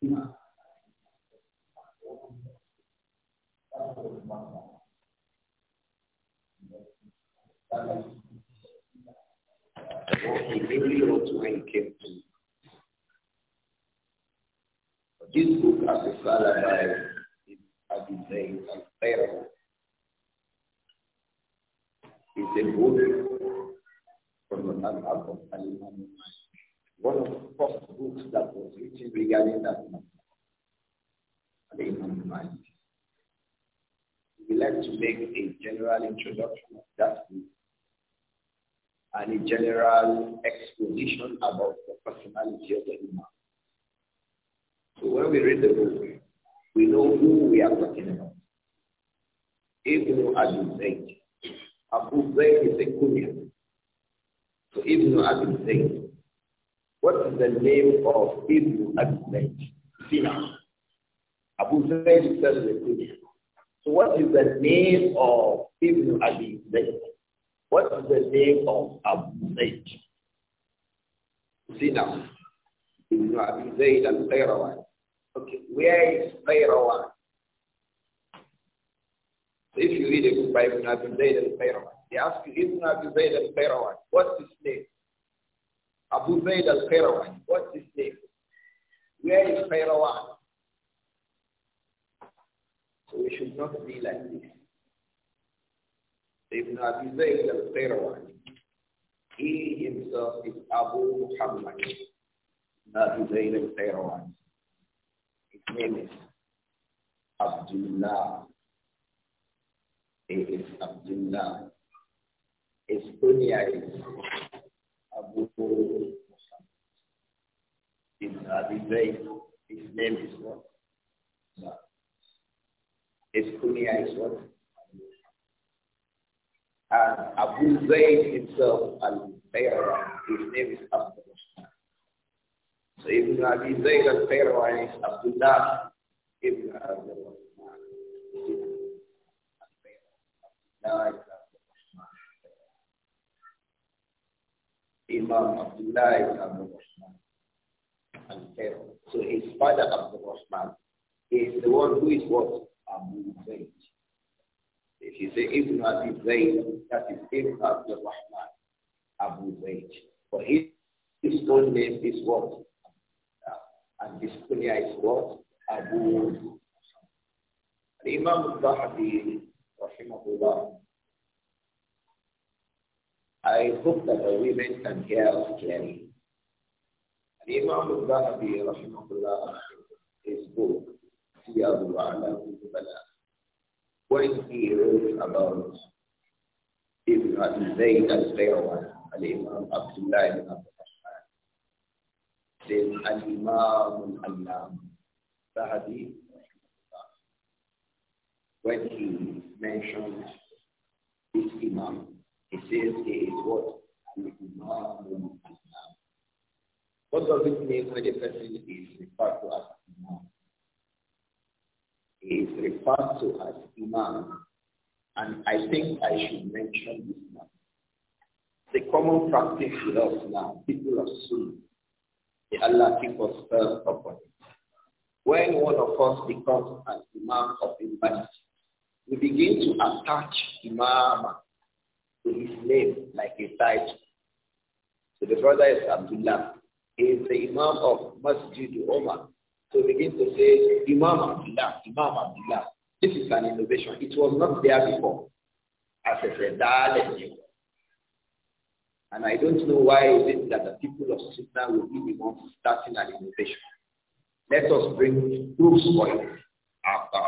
Yeah. He really wrote when he came to. This book, as a father by Abu Zayd al Pharaoh, is a book from the Madhab of al One of the first books that was written regarding that matter. al We like to make a general introduction of that book and a general exposition about the personality of the Imam. So when we read the book, we know who we are talking about. Ibn Abi Zayd. Abu Zayd is a kunya. So Ibn Abi Zayd. What is the name of Ibn Abi Zayd? Sina. Abu Zayd is a kunya. So what is the name of Ibn Abi Zayd? What is the name of Abu Zayd? See now. Ibn Abi and Qayrawan. Okay, where is Qayrawan? if you read a book by Ibn Abi Zayd and Qayrawan, they ask you, Ibn Abi Zayd and Qayrawan, what's his name? Abu Zayd al-Qayrawan, what's his name? Where is Qayrawan? So we should not be like this. Ibn Abi Zayd al-Qayrawani. He himself is Abu Muhammad. His name is qayrawani His name is Abdullah. It is Abdullah. His kunya is Abu Muhammad. His name is what? His kunya is what? And Abu Zayd himself, al-Bayrawan, his name is Abdul Rahman. So Ibn Abi Zayd al-Bayrawan is Abdullah Ibn Abdul Rahman. Imam Abdullah ibn Abdul Rahman al-Bayrawan. So his father Abu Rahman is the one who is what? Abu Zayd. If you say Ibn Abi Zayd, that is Ibn Abdul Rahman, Abu Zayd. For his, his own name is what? and this kunya is what? Abu the Imam al-Zahabi, rahimahullah, I hope that the women can hear us clearly. Imam al rahimahullah, his book, Siyadu A'lam Bala, what he wrote about Ibn Zayd al-Qayrawan, al-Imam Abdullah ibn Abdurrahman, then al-Imam al nam Sahabi, when he mentioned this Imam, he says he is what? Al-Imam al nam What does it mean when the person is referred to as is referred to as Imam. And I think I should mention this now. The common practice with us now, people of Sunnah, the Allah keep us first upon When one of us becomes an Imam of a we begin to attach Imam to his name like a title. So the brother is Abdullah. He is the Imam of Masjid Omar. So begin to say, Imam Abdullah, Imam Abdullah. This is an innovation. It was not there before. As a federal And I don't know why is it that the people of Sunnah will be the ones starting an innovation. Let us bring proofs for it after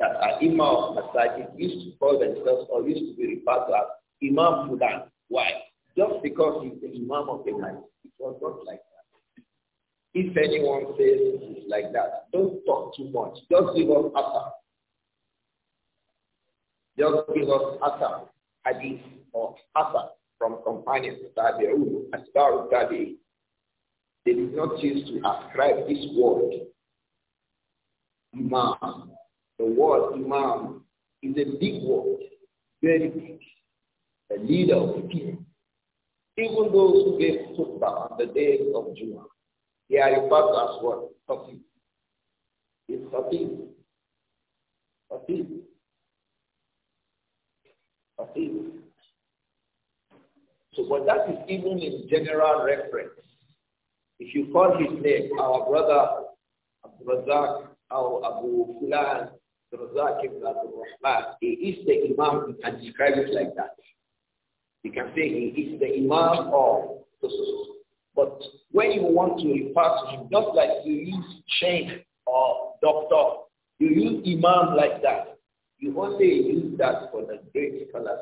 that are Imam of Masajid used to call themselves or used to be referred to as Imam Fulan. Why? Just because he's the Imam of the night. It was not like that. If anyone says it's like that, don't talk too much. Just give us answer. Just give us answer, hadith or answer from companions, tabi'un, asbaru tabi'in. They did not choose to ascribe this word, imam. The word imam is a big word, very big, a leader of the people. Even those who gave khutbah on the day of Juma, they are referred to as what? Khatib. It's Khatib. Khatib. Khatib. So, but that is even in general reference. If you call his name, our brother Abu Razak our Abu Fulan, Razak ibn Abdul Rahman, he is the Imam, you can describe it like that. You can say he is the Imam of so, so, so. But when you want to impart to him, just like you use chain or doctor, you use imam like that. You only use that for the great scholars.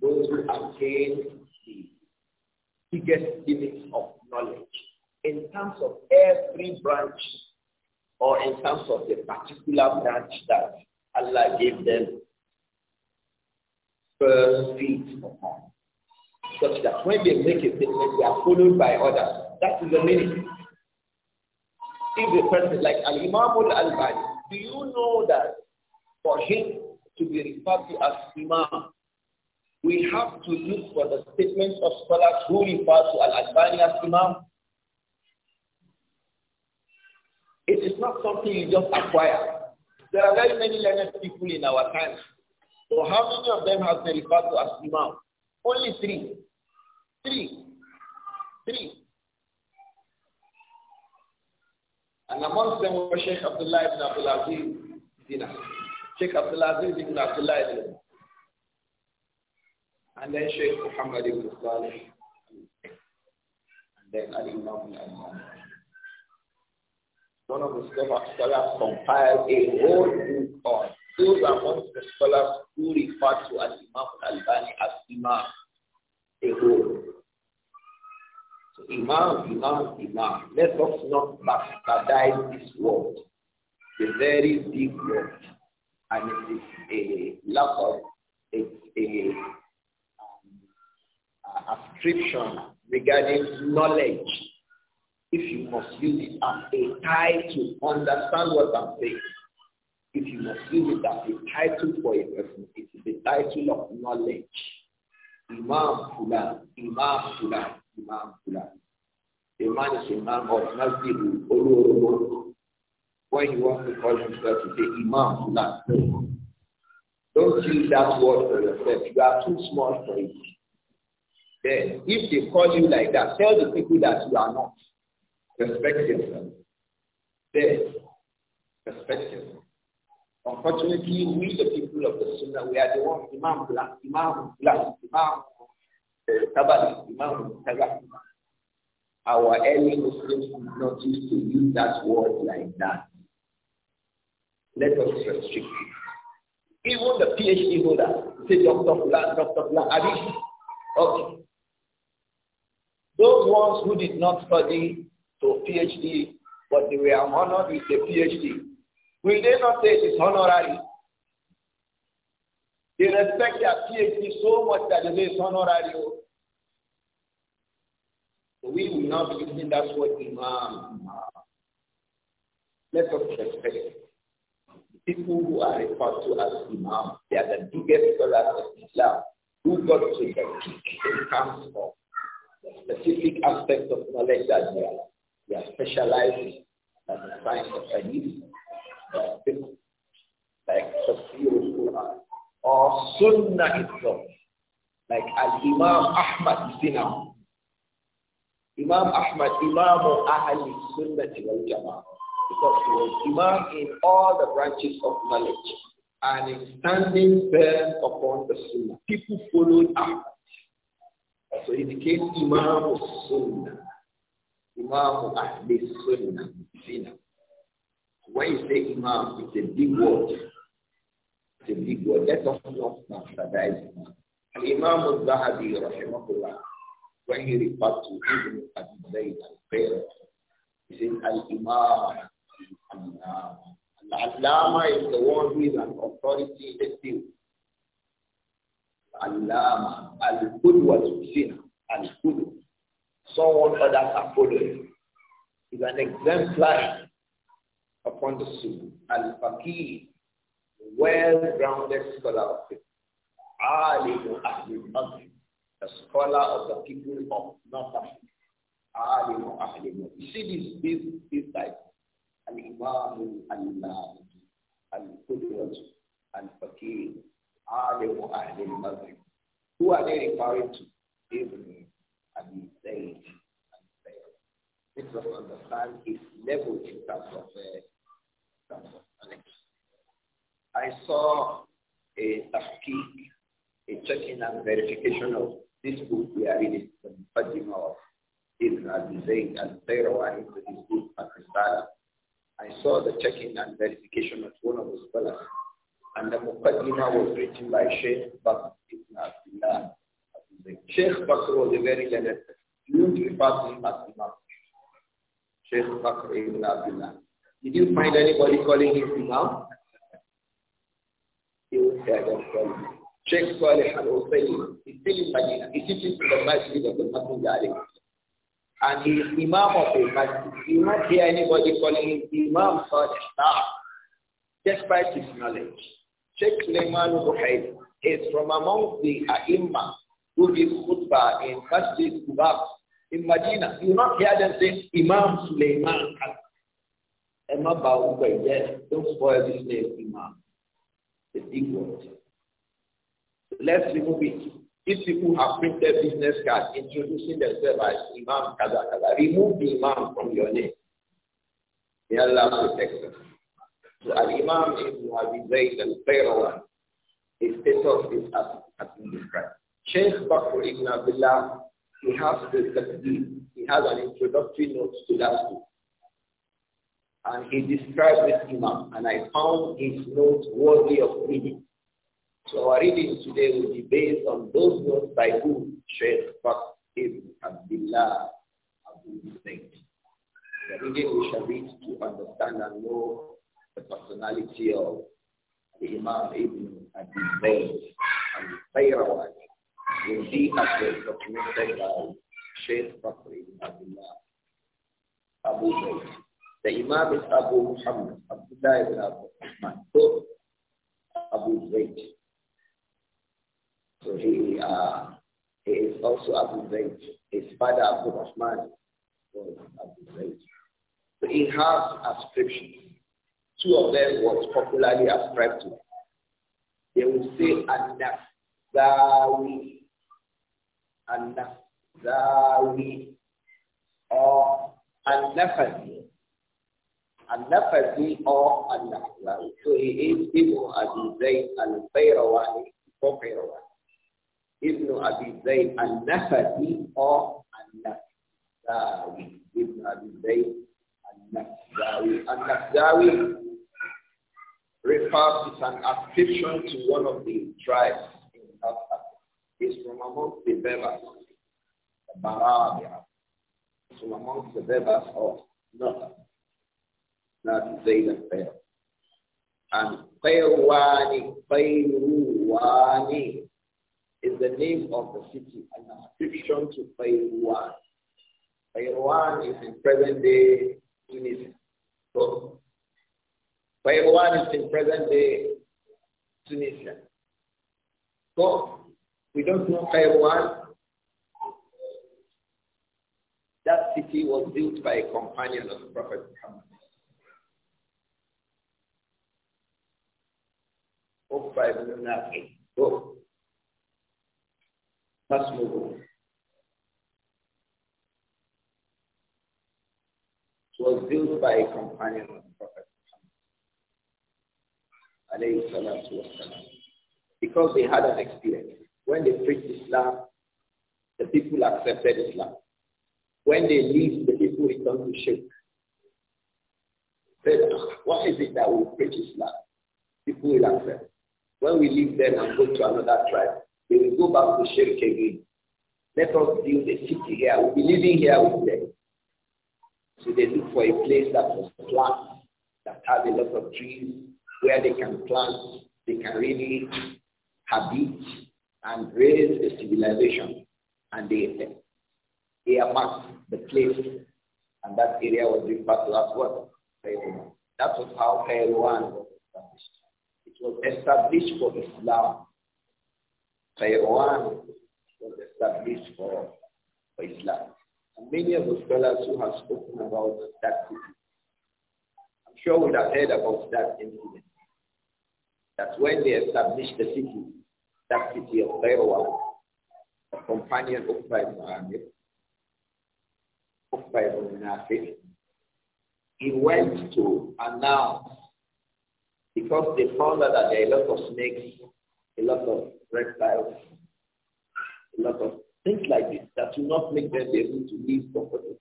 Those who attain the biggest limits of knowledge in terms of every branch or in terms of the particular branch that Allah gave them first feet upon such that when they make a statement, they are followed by others. That is the meaning. If a person like Al-Imam al-Albani, do you know that for him to be referred to as Imam, we have to look for the statements of scholars who refer to Al-Albani as Imam? It is not something you just acquire. There are very many learned people in our times. So how many of them have been referred to as Imam? Only three. Three. Three. And amongst them was Sheikh Abdullah ibn Abdul Aziz Dina. Sheikh Abdulaziz Aziz ibn Abdullah And then Sheikh Muhammad ibn Salih. And then Ali Imam al One of the scholars compiled a whole book on those amongst the scholars who refer to as Imam al bani as Imam, a whole. Imam, Imam, Imam. Let us not bastardize this word. It's a very deep word. And it is a lot of, it's a, um, ascription regarding knowledge. If you must use it as a title, understand what I'm saying. If you must use it as a title for a person, it is the title of knowledge. Imam Fulan, Imam Fulan. Imam Fulan. A man is Imam of Masjid Olorobo. When you want to call himself to say Imam Fulan, don't use that word for yourself. You are too small for it. Then, if they call you like that, tell the people that you are not. Respect yourself. Then, respect yourself. Unfortunately, we, the people of the Sunnah, we are the ones, Imam Black, Imam Black, Imam the Kabbal Imam Kabbal. Our early Muslims did not used to use that word like that. Let us restrict it. Even the PhD holder, say Dr. Fulan, Dr. Fulan, Abi. Okay. Those ones who did not study to PhD, but they were honored with the PhD, will they not say it is honorary? They respect their PhD so much that they say it's honorary. Oh. We will not be using that word imam. Let us respect the people who are referred to as imam. They are the biggest scholars of Islam who got to the peak in terms of the specific aspects of knowledge that they are. They are specialized in the science of hadith, like Tafsir al-Quran, or Sunnah itself, like Al-Imam Ahmad Sinam. Imam Ahmad, Imam Ahli Sunnati wal Jama'ah. Because he was Imam in all the branches of knowledge and in standing firm upon the Sunnah. People followed Ahmad. So he became Imam Sunnah. Imam Ahli Sunnah. Zina. When you say Imam, it's a big word. It's a big word. Let us not master that Imam. Imam al-Zahabi, rahimahullah, when he referred to Ibn Abi Zayd al-Bayr, he said, Al-Imam, Al-Allama. Al-Allama is the one who is an authority in the field. Al-Allama, Al-Qudwa Sina, Al-Qudwa. Someone others are following. Is an exemplar upon the sunnah. Al-Faqih, well-grounded scholar of Alim Ahlul a scholar of the people of North Africa. Alimu Ahlimu. You see this, this, this type. Al-Imam al-Allah, Al-Qudrat, Al-Fakir, Alimu Ahlimu Maghrib. Who are they referring to? Ibn Abi Zayd and Sayyid. This must understand his level in terms of, uh, I saw a tahqiq, a checking and verification of this book we are reading the Muqaddimah of Ibn Abi Zayd al-Qayrawani to his book Al-Risala. I saw the checking and verification of one of the scholars and the Muqaddimah was written by Sheikh Bakr Ibn Abdullah. Sheikh Bakr was a very learned You do refer to him as Imam. Sheikh Bakr Ibn Abdullah. Did you find anybody calling him Imam? He would say, I don't call him. Sheikh Saleh al-Husayni is still in Medina. He teaches the masjid of the Messenger And he is Imam of the masjid. You not hear anybody calling him Imam Saleh now, despite his knowledge. Sheikh Suleiman al-Buhayl is from among the A'imma who gives khutbah in Masjid Kubab in Medina. You not hear them say Imam Suleiman Emma Bawuka, yes, don't spoil this name, Imam. The big word. Let's remove it. If people have printed business cards introducing themselves as Imam Kaza Kaza, remove the Imam from your name. May Allah protect us. So an Imam Ibn raised Zayd al Qayrawan, his status is as has been described. Sheikh Bakr Ibn Abdullah, he has the He has an introductory note to that book. And he describes this Imam, and I found his note worthy of reading. So our reading today will be based on those words by whom Sheikh Fakr ibn Abdullah Abu Zayd. The reading we shall read to understand and know the personality of the Imam Ibn Abi Zayd and Qayrawat will be as well documented by Sheikh Fakr ibn Abdullah Abu Zayd. The Imam is Abu Muhammad Abdullah ibn Abu Rahman. Abu Zayd. So he, uh, he is also Abu Zayd. His father Abu Rahman was Abu Zayd. So he has ascriptions. Two of them was popularly ascribed to They will say An-Nazawi, An-Nazawi, or An-Nafazi, An-Nafazi or An-Nazawi. So he is Ibn Abu Zayd al-Bayrawani, Bayrawani. Ibn Abi Zayd al-Nafati or al-Nafzawi. Ibn Abi Zayd al-Nafzawi. Al-Nafzawi refers to an ascription to one of the tribes in North Africa. It's from among the Bebas, the Barabia. It's from among the Bebas of North Africa. Not Zayd al-Fair. And Qaywani, Qaywani, is the name of the city, an inscription to Fayrouan. Fayrouan is in present day Tunisia. So, Fayrouan is in present day Tunisia. So, we don't know Fayrouan. That city was built by a companion of the Prophet Muhammad. Uqba ibn So, Let's move on. It was built by a companion of the Prophet because they had an experience. When they preached Islam, the people accepted Islam. When they leave, the people return to shirk. what is it that we preach Islam? People will accept. When we leave them and go to another tribe, they will go back to shirk again. Let us build a city here. We'll be living here with them. So they look for a place that was plant, that has a lot of trees, where they can plant, they can really habit and raise a civilization. And they earmarked the place, and that area was referred to as what? That was how Kairouan was established. It was established for Islam. Taiwan was established for, for Islam. And many of the scholars who have spoken about that city, I'm sure would have heard about that incident. That when they established the city, that city of Taiwan, a companion of Ibn Amir, of he went to announce because they found out that there are a lot of snakes, a lot of reptiles, a lot of things like this that will not make them be able to live comfortably.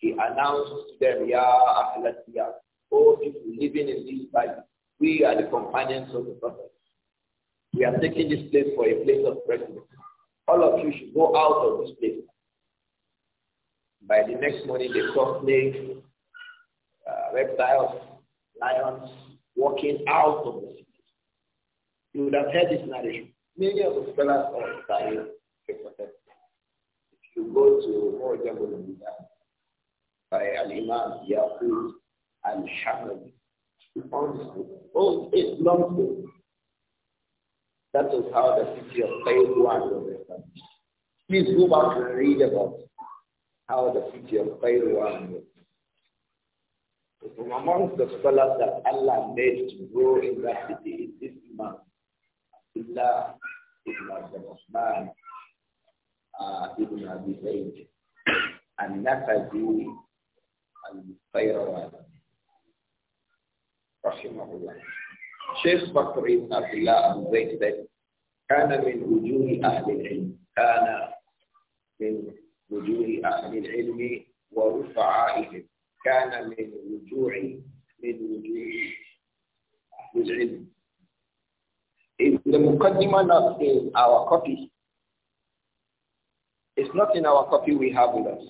He announced to them, Ya Ahlatia, all people living in this life, we are the companions of the Prophet. We are taking this place for a place of presence. All of you should go out of this place. By the next morning, they saw snakes, uh, reptiles, lions walking out of the city. You would have heard this narration. Many of the scholars of Sahih If you go to more al by Al-Imam Yaqub al-Hamad, you found this book. Oh, it's long book. That is how the city of Taiwan was established. Please go back and read about how the city of Taiwan was from amongst the scholars that Allah made to grow in that city is الله ابن عبد الرحمن ابن أبي زيد النفذي الفيروان رحمه الله شيخ بكر بن عبد الله أبو زيد كان من وجوه أهل العلم كان من وجوه أهل العلم ورفعائهم كان من وجوه من وجوه أهل العلم in the Mukaddimah not in our copy. It's not in our copy we have with us.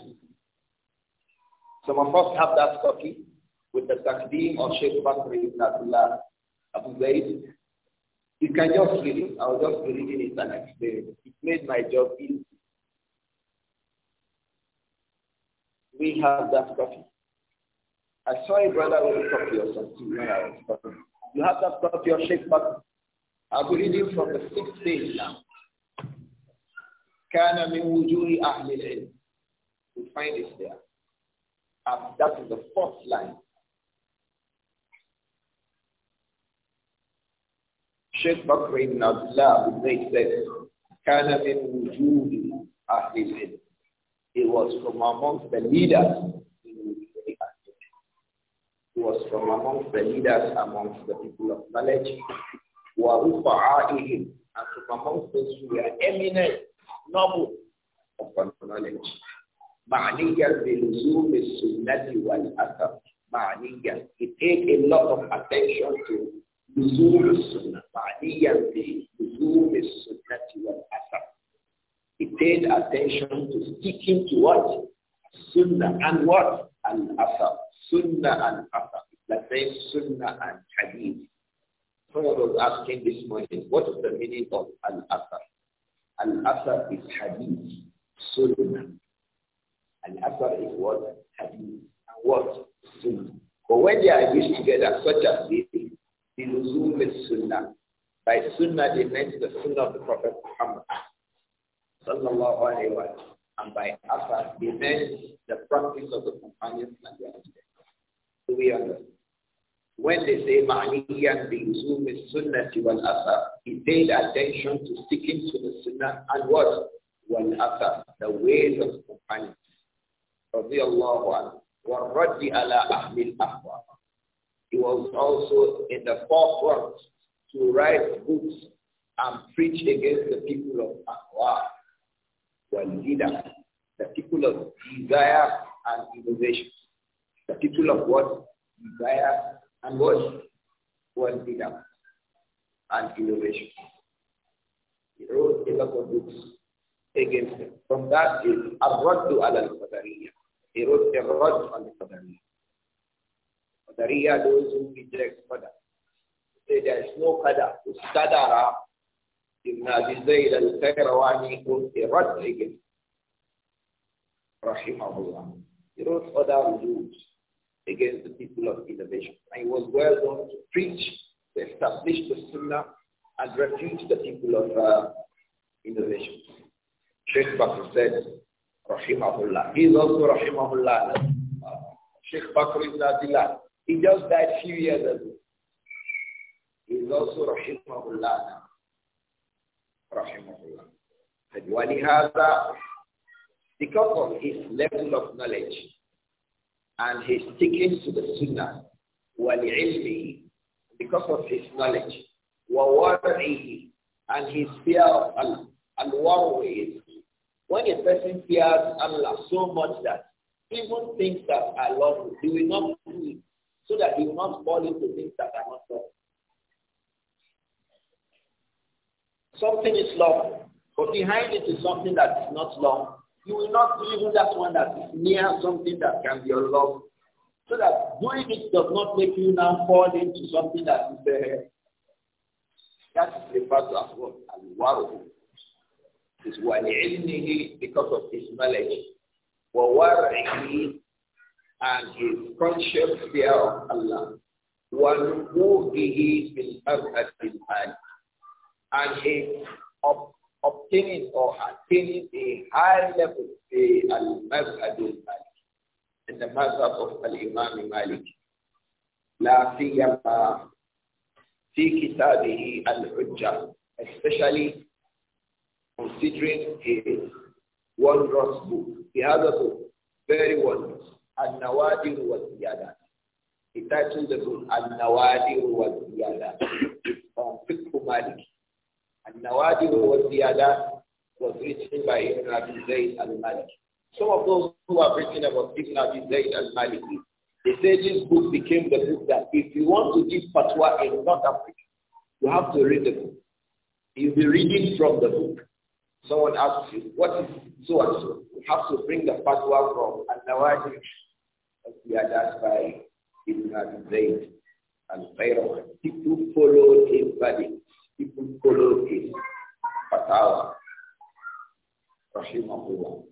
Some of us have that copy with the Takdim of Sheikh Bakri ibn Abdullah Abu Zaid. You can just read it. i was just be reading it and explain it. It made my job easy. We have that copy. I saw a brother with a copy or something when I was talking. You have that copy of Sheikh Bakri. I'll be reading from the sixth page now. كان من وجوه أهل العلم. We find it there. And that is the fourth line. Sheikh Bakr ibn Abdullah ibn Zayd كان من وجوه أهل العلم. It was from amongst the leaders He was from amongst the leaders amongst the people of knowledge وَرُفَعَائِهِمْ And to promote those who are eminent, noble upon knowledge. معنيا بلزوم السنة والأثر معنيا He take a lot of attention to لزوم السنة معنيا بلزوم السنة والأثر He paid attention to sticking to what? Sunnah and what? Al-Athar. Sunnah and Athar. That means Sunnah and Hadith. Someone was asking this morning, what is the meaning of Al-Asr? Al-Asr is hadith, sunnah. Al-Asr is what? Hadith. And what? Sunnah. But when they are used together, such as this, the Luzum is sunnah. By sunnah, they meant the sunnah of the Prophet Muhammad. Sallallahu alayhi wa And by Asr, they meant the practice of the companions and the So we understand. When they say ma'niyan bi usumi sunnati wal asar, he paid attention to sticking to the sunnah and what? Wal asar, the ways of companions. رضي الله عنه. raddi ala ahli al He was also in the forefront to write books and preach against the people of Ahwa, wal the people of desire and innovation, the people of what? Desire and what? was did that? And innovation. He wrote a lot of books against them. From that he Ar-Raddu ala al-Qadariyya. He wrote a Radd on the Qadariyya. Qadariyya, those who reject Qadar. Say there is no Qadar. Ustadara Ibn Abi Zayd al-Qayrawani wrote a Radd against Rahimahullah. He wrote other rules against the people of innovation. And it was well done to preach, to establish the sunnah, and refute the people of uh, innovation. Sheikh Bakr said, Rahimahullah. He is also Rahimahullah. Uh, Sheikh Bakr is He just died a few years ago. He is also Rahimahullah. Rahimahullah. And when he has that, because of his level of knowledge, and his sticking to the sunnah وَلِعِلْمِهِ because of his knowledge وَوَرْعِهِ and his fear of Allah and worries. When a person fears Allah so much that even things that are lawful, he will not do it so that he will not fall into things that are not lawful. Something is lawful, but behind it is something that is not lawful you will not do even that one that is near something that can be unloved. So that doing it does not make you now fall into something that is there. Uh, that is referred to as what? As waru. It is wali'ilmihi because of his knowledge. Wawarihi and his conscious fear of Allah. Wanubuhihi bil arhatil and his up obtaining or attaining a high level, say al-mazhab al-malik, in the mazhab of al-imam malik. لا سيما في كتابه الحجة especially considering his wondrous book. the other book, very wondrous, Al-Nawadir wa He titled the book Al-Nawadir wa on Fiqh Maliki. Al-Nawadi was the other was written by Ibn Abi Zayd al-Maliki. Some of those who have written about Ibn Abi Zayd al-Maliki, they say this book became the book that if you want to give fatwa in North Africa, you have to read the book. You'll be reading from the book. Someone asks you, what is so and so? You have to bring the fatwa from Al-Nawadi of the other by Ibn Abi Zayd al-Qayrawan. People followed him by people follow his fatwa. Rahimahullah.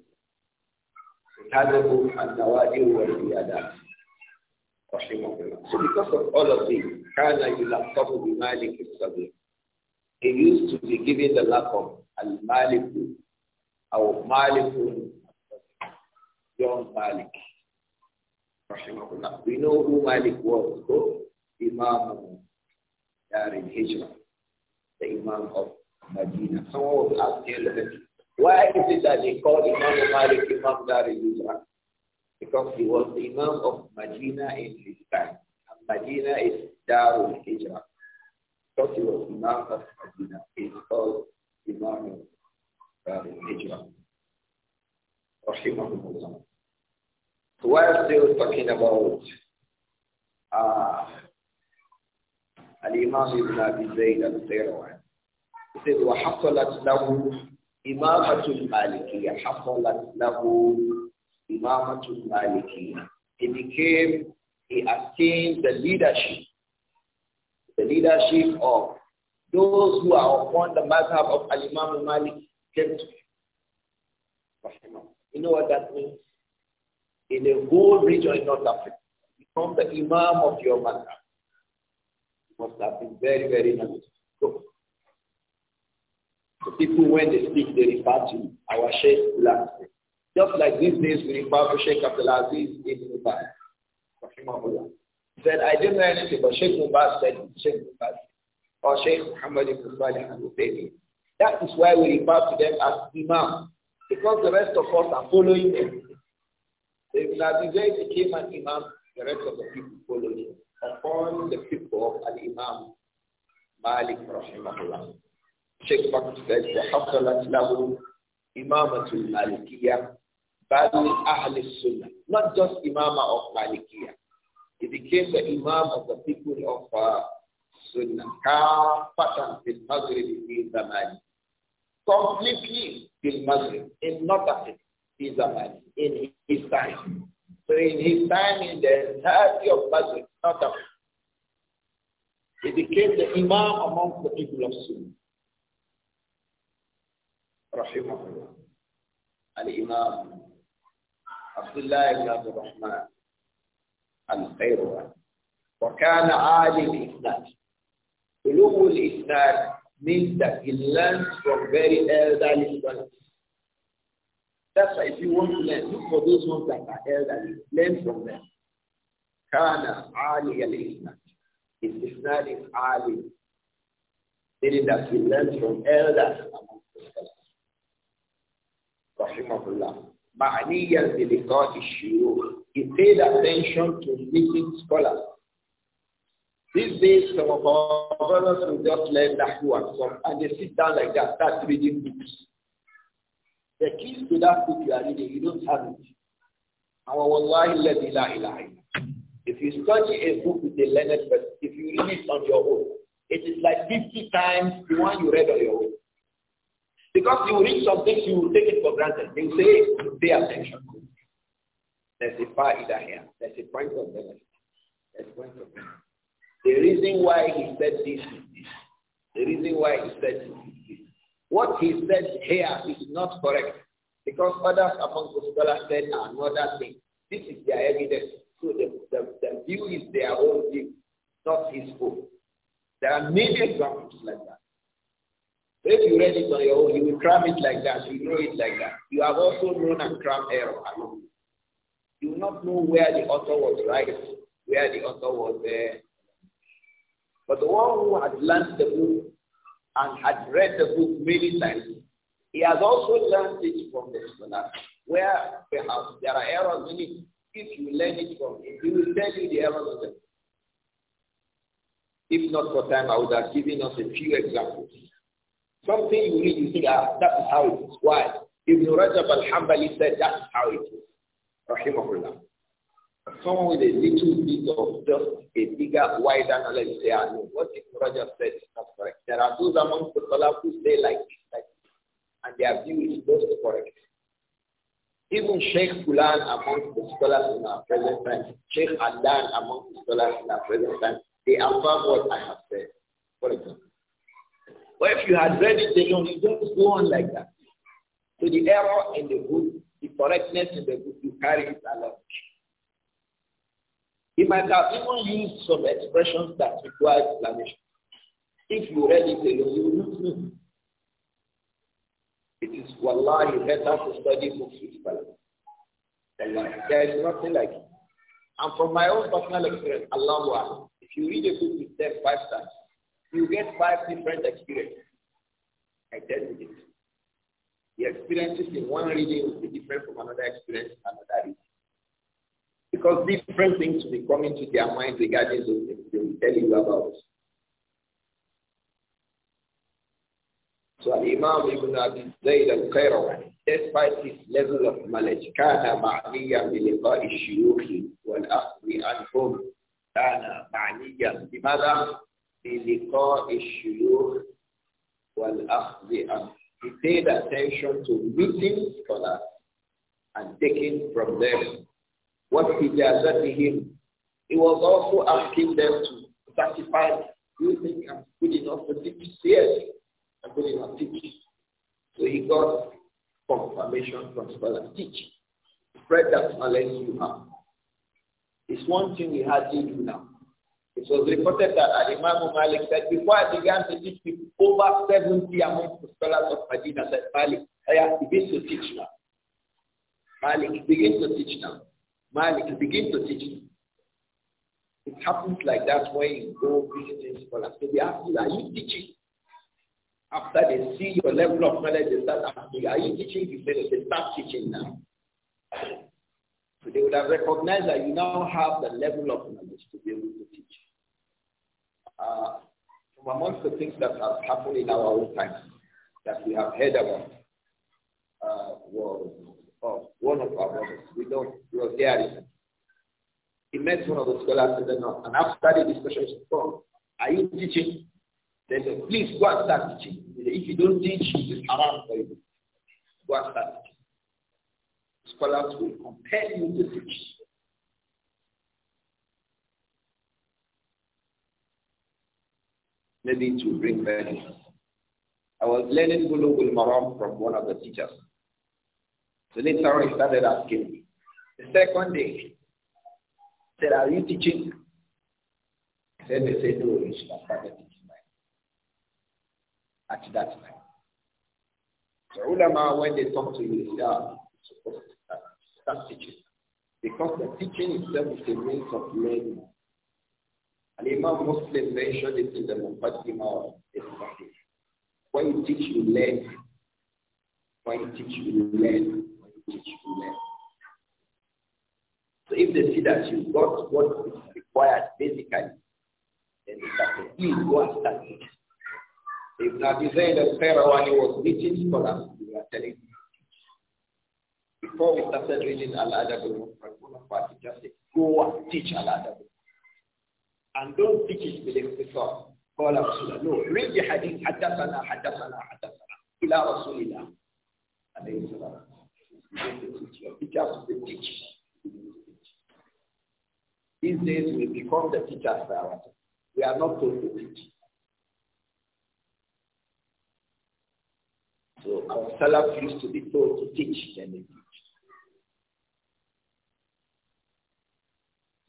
It has a book and Nawadi will be adapt. Rahimahullah. So because of all of this, Kana yulaqabu bi Malik al-Sabir. He used to be given the laqab al-Malik or Malik young Malik. Rahimahullah. We know who Malik was, so Imam Dar al-Hijrah the Imam of Medina. Someone will ask him, why is it that they call Imam Malik Imam Dar Because he was the Imam of Medina in his time. And Medina is Darul Hijrah. Because he was Imam of Medina, he's called Imam Darul Hijrah. Rahimahullah. So we're still talking about uh, الإمام ابن أبي زيد القيرواني said, says, وَحَصَلَتْ لَهُ إِمَامَةُ الْمَالِكِيَّةِ حَصَلَتْ لَهُ إِمَامَةُ الْمَالِكِيَّةِ He became, he attained the leadership, the leadership of those who are upon the mazhab of Al-Imam Malik came to him. You know what that means? In the whole region in North Africa, become the Imam of your mazhab. must have been very, very knowledgeable. The people, when they speak, they refer to our Sheikh Abdullah. Just like these days, we refer to Sheikh Abdullah in Dubai. said, I didn't know anything, but Sheikh Mubarak said, Sheikh Mubarak, or Sheikh Muhammad Ibn Salih al That is why we refer to them as Imam, because the rest of us are following them. So Ibn Abizay became an Imam, the rest of the people followed him, upon the people of Al-Imam Malik Rahimahullah. Sheikh Bakr said, وَحَصَلَتْ لَهُ إِمَامَةُ الْمَالِكِيَّةِ بَلْ أَهْلِ السُّنَّةِ Not just Imama of Malikiya. He became the Imam of the people of uh, Sunnah. كَافَةً فِي الْمَغْرِبِ فِي زَمَانِ Completely in Maghrib, in North Africa, in Zamani, in his time. So in his time, in the entirety of Maghrib, not Africa, he became the Imam among the people of Sunnah. رحمه الله الإمام عبد الله بن عبد الرحمن الخيروان وكان عالي الإسناد علو الإسناد من that he learns الإسناد That's why if you want to learn, look for those ones that are elderly. Learn from them. Kana Ali عالي الإسناد. His إسناد is عالي. Meaning that he learns from elders among the scholars. rahimahullah, ma'aniyan bilikati shuyukh. He paid attention to meeting scholars. These days, some of our brothers will just learn Nahu and some, and they sit down like that, start reading books. The keys to that book you are reading, you don't have it. Our wallahi la ilaha If you study a book with a learned person, if you read it on your own, it is like 50 times the one you read on your own. Because you reach some things, you will take it for granted. You say, pay attention. There's a faida here. There's a point of benefit. There's a point of benefit. The reason why he said this is this. The reason why he said this is this. What he said here is not correct. Because others among the scholars said another thing. This is their evidence. So the, the, the view is their own view, not his own. There are many examples like that. If you read it on your own, you will cram it like that. You know it like that. You have also known and crammed error alone. You will not know where the author was right, where the author was there. But the one who had learned the book and had read the book many times, he has also learned it from the scholar, where perhaps there are errors in it. If you learn it from him, he will tell you the errors of If not for time, I would have given us a few examples. Something you read, you think, ah, that is how it is. Why? Ibn Rajab al-Hambali said that is how it is. Rahimahullah. Someone with a little bit of just a bigger, wider knowledge say, ah, no, what Ibn Rajab said is not correct. There are those among the scholars who say like this, like this, and their view is most correct. Even Sheikh Fulan among the scholars in our present time, Sheikh Adan among the scholars in our present time, they affirm what I have said. For example, but if you had read it then you just go on like that. So the error in the book, the correctness in the book, you carry it along. He might have even used some expressions that require explanation. If you read it then you will not know. It is wallahi better to study books with Wallahi. There is nothing like it. And from my own personal experience, Allah, if you read a book with them five times, you get five different experiences. The experiences in one region will be different from another experience in another region. Because different things will be coming to their mind regarding those things they will tell you about. So Imam Ibn Abi Zayd al-Qayrawani, despite his level of knowledge, كان معنيا بلقاء الشيوخ والأخذ عنهم كان معنيا بماذا؟ بلقاء الشيوخ والأخذ عنه. He paid attention to meeting scholars and taking from them what he gathered him. He was also asking them to satisfy you think and am good enough to teach? Yes, I'm good enough to teach. So he got confirmation from scholars. Teach. Spread that knowledge you have. It's one thing we hardly do now. It was reported that Al Imam Malik said, before I began to teach people, over 70 among the scholars of Medina said, Malik, I begin to teach now. Malik, begin to teach now. Malik, begin to teach now. It happens like that when you go visiting scholars. So they ask you, are you teaching? After they see your level of knowledge, they start asking, are you teaching? You say, they start teaching now. So they would have recognized that you now have the level of knowledge to be able to teach uh, amongst the things that have happened in our own times that we have heard about uh, was of one of our brothers. We don't, we were there. He met one of the scholars in the north, and after the discussion, he said, are you teaching? They said, please go and start teaching. Said, if you don't teach, it is haram for you. Go and start teaching. Scholars will compel you to teach. Maybe it will bring benefit. I was learning Bulugul Maram from one of the teachers. So later on, he started asking me. The second day, said, are you teaching? Then said, they said, no, you should have started teaching mine. At that time. So ulama, when they talk to you, they say, ah, supposed to start, start teaching. Because the teaching itself is a means of learning. And Imam Muslim mentioned it in the Muqaddimah of his Sahih. When you teach, you learn. When you teach, you learn. When you teach, you learn. So if they see that you got what is required basically, then they start to eat what started. If not designed as Pharaoh when he was meeting scholars, we were telling him Before we started reading Al-Adab al-Mufrad, one of us just said, go and teach Al-Adab and don't teach it with ikhtisar. قال رسول الله no read the hadith حدثنا حدثنا حدثنا إلى رسول الله عليه السلام teachers will teach these days we become the teachers by ourselves we are not told to teach so our salaf used to be told to teach then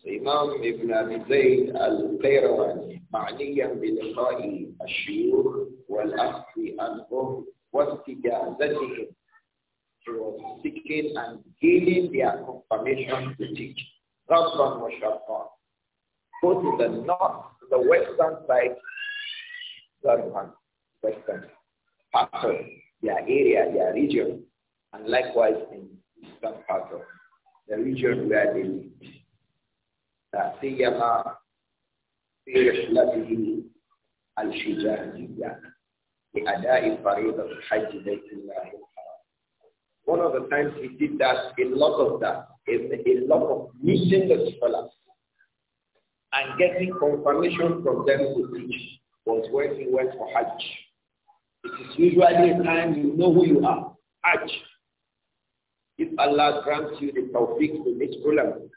Imam Ibn Abi Zayd al-Qayrawani معنيا بلقاء الشيوخ والأخذ عنهم واستجازتهم He was seeking and gaining their confirmation to teach. Rabban wa Shafan. Both to the north, the western side, Zarban, western, part of their area, their region, and likewise in eastern part of the region where they live. سيما في رحلته لأداء فريضة حج بيت الله الحرام. One of the times he did that, a lot of that, a, lot of meeting the scholars and getting confirmation from them to teach was when he went for Hajj. It is usually a time you know who you are. Hajj. If Allah grants you the tawfiq to this program,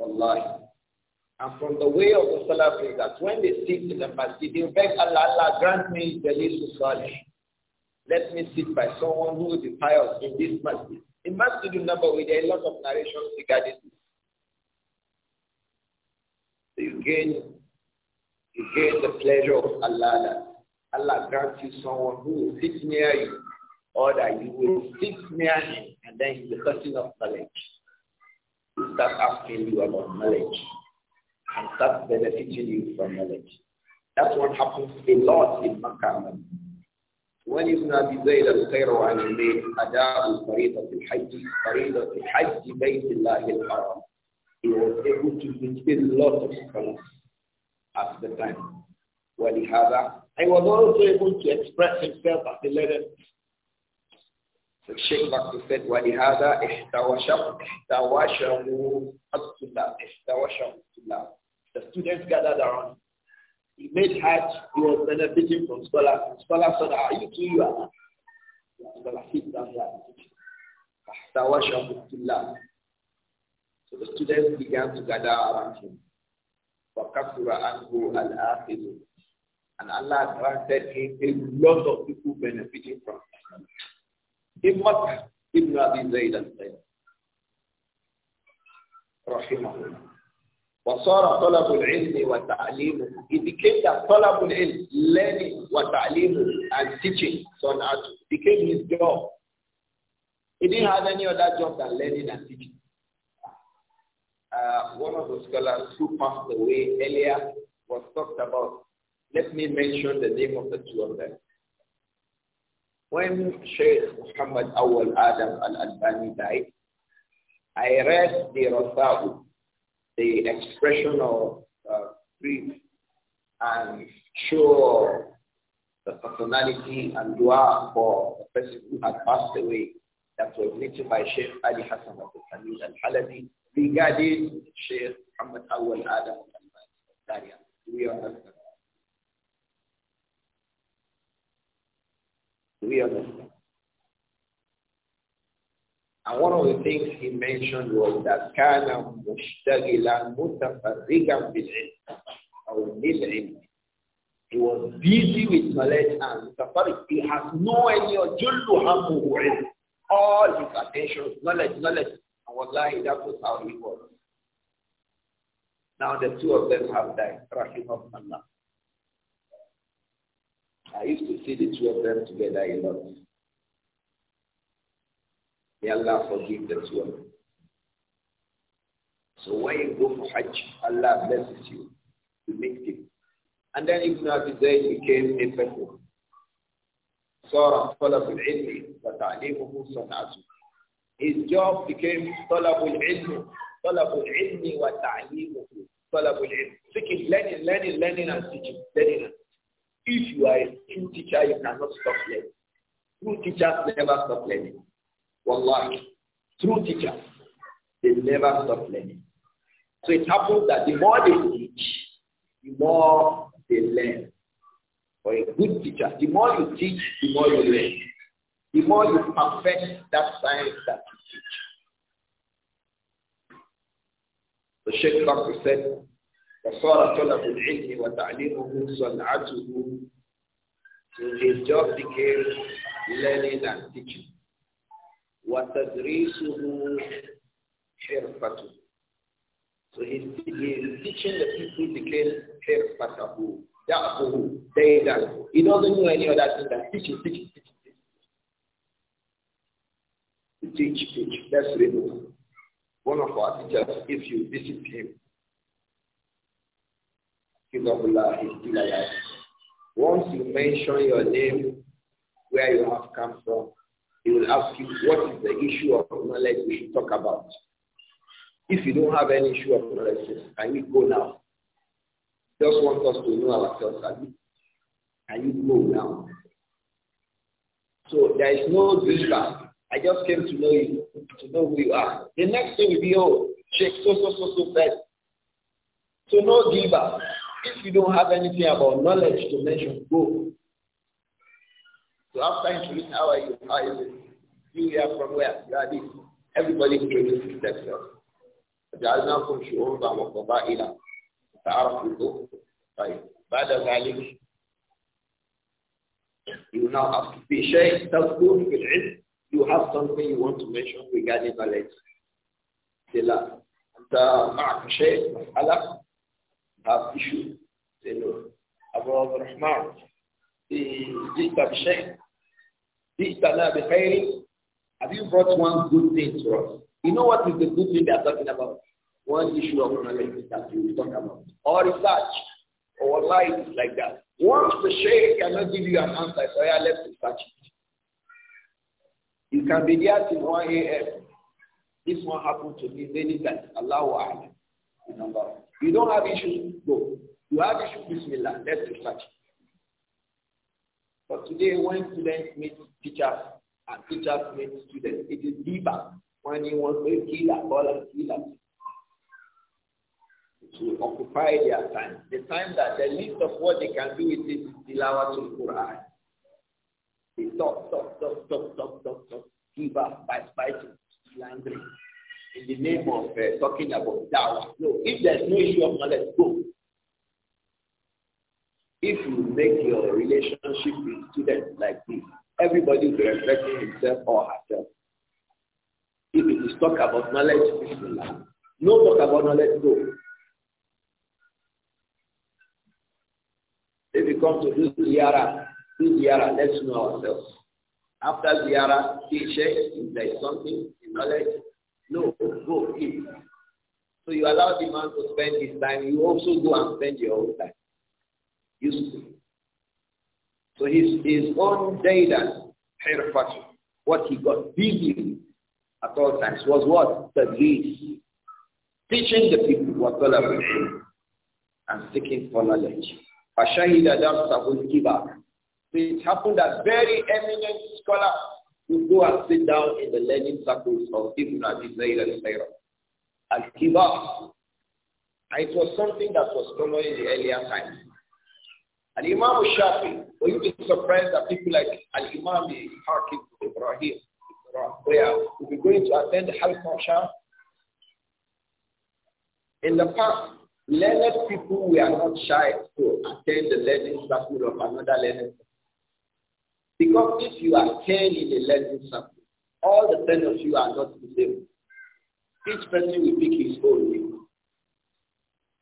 Allah. And from the way of the Salaf that when they sit in the masjid, they beg Allah, Allah grant me the least salih. Let me sit by someone who will be pious in this masjid. In Masjid number, nabawi there a lot of narrations regarding this. you gain, you gain the pleasure of Allah. Allah grants you someone who will sit near you or that you will sit near him and then he will be of knowledge start asking you about knowledge and start benefiting you from knowledge. That's what happens a lot in Makkah. When Ibn Abi Zayd al-Qayrawani made Adab al-Faridat al-Hajj, Faridat al-Hajj Baytullah al-Haram, he was able to meet a lot of scholars at the time. ولهذا, he was also able to express himself as a learned so Sheikh Bakr said, وَلِهَذَا اِحْتَوَشَمْ اِحْتَوَشَمُ الطُّلَّابِ اِحْتَوَشَمُ الطُّلَّابِ The students gathered around. He made Hajj, he was benefiting from scholars. And scholars said, are you too? You are sit down here and teach. So the students began to gather around him. And Allah granted him a lot of people benefiting from him. بمسح ابن أبي زيد الزيد رحمه الله وصار طلب It became that scholar العلم learning and teaching So became his job. He didn't have any other job than learning and teaching. Uh, one of the scholars who passed away earlier was talked about. Let me mention the name of the two of them. When Sheikh Muhammad Awal Adam al-Albani died, I read the Rasa'u, the expression of uh, grief and show the personality and dua for the person who had passed away that was written by Sheikh Ali Hassan al-Hamid al-Halabi regarding Sheikh Muhammad Awal Adam al-Albani. We understand. we understand? And one of the things he mentioned was that kana mushtagilan mutafarrigan bil or bil He was busy with knowledge and mutafarrig. He has no idea. Jullu hamuhu All his attention, knowledge, knowledge. And wallahi, that was how he was. Now the two of them have died. Rahimahullah. I used to see the two of them together a lot. May Allah forgive the two of them. So when you go for Hajj, Allah blesses you. You meet him. And then Ibn Abi Zayd became a person, fatwa. صار طلب العلم وتعليمه صنعته. His job became طلب العلم طلب العلم وتعليمه طلب العلم. Seeking learning, learning, learning and teaching, learning. If you are a true teacher, you cannot stop learning. True teachers never stop learning. Wallahi. True teachers, they never stop learning. So it happens that the more they teach, the more they learn. For a good teacher, the more you teach, the more you learn. The more you perfect that science that you teach. The Sheikh Bakr said, فصار طلب العلم وتعليمه صنعته So his job became learning and teaching. وتدريسه حرفته So he is teaching the people became حرفته يأخذه ديدا He doesn't know any other thing than teaching, teaching, teaching. Teach, teach. That's reasonable. One of our teachers, if you visit him, is still alive. Once you mention your name, where you have come from, he will ask you what is the issue of knowledge we should talk about. If you don't have any issue of knowledge, can you go now? Just want us to know ourselves, Can you, go now? So there is no diva. I just came to know you, to know who you are. The next thing will be, oh, Sheikh so so so so said. So no diva. If you don't have anything about knowledge to mention, go. So after introducing how are you, how are you, you are from where, you are this. Everybody introduces themselves. جعلناكم شعوبا وقبائل تعرفوا طيب بعد ذلك you now have to be sharing self-good with it. You have something you want to mention regarding knowledge. سلا the معك شيء مسألة have issues. Say no. Abu Rahman, Jita Bishayk, Jita Na Bikhairi, have you brought one good thing to us? You know what is the good thing they are talking about? One issue of knowledge that you talk about. Or research. Or life is like that. Once the Shaykh cannot give you an answer, so I left to touch it. You can be there till 1 a.m. This one happened to me many times. Allahu Akbar. Number one. You don't have issues, go. You have issues, Bismillah. Let's research. But today, when students meet teachers and teachers meet students, it is deeper when you want to kill a ball and kill a to occupy their time. The time that the least of what they can do with this is Tilawatul Quran. They talk, talk, talk, talk, talk, talk, talk, give up by fighting, slandering in the name of uh, talking about doubt. No, if there's no issue of knowledge, go. If you make your relationship with students like this, everybody will be respecting himself or herself. If it is talk about knowledge, No talk about knowledge, go. If you come to do ziyara, do ziyara, let's know ourselves. After ziyara, teaching, if there is something in knowledge, go, eat. So you allow the man to spend his time. You also go and spend your own time. Useful. So his, his own data, Hirfatu, what he got busy at all times was what? The least. Teaching the people what tolerable and seeking for knowledge. Fashahida darsahu kibar. So it happened that very eminent scholars to go and sit down in the learning circles of Ibn Abi Zayd al-Sayra. Al-Kibar. It was something that was common in the earlier times. And Imam Shafi, will you be surprised that people like Al-Imam Hakim Ibrahim, where if are going to attend Halqa in the past, learned people were not shy to attend the learning circle of another learning because if you are 10 in a lesson circle, all the 10 of you are not the same. Each person will pick his own way.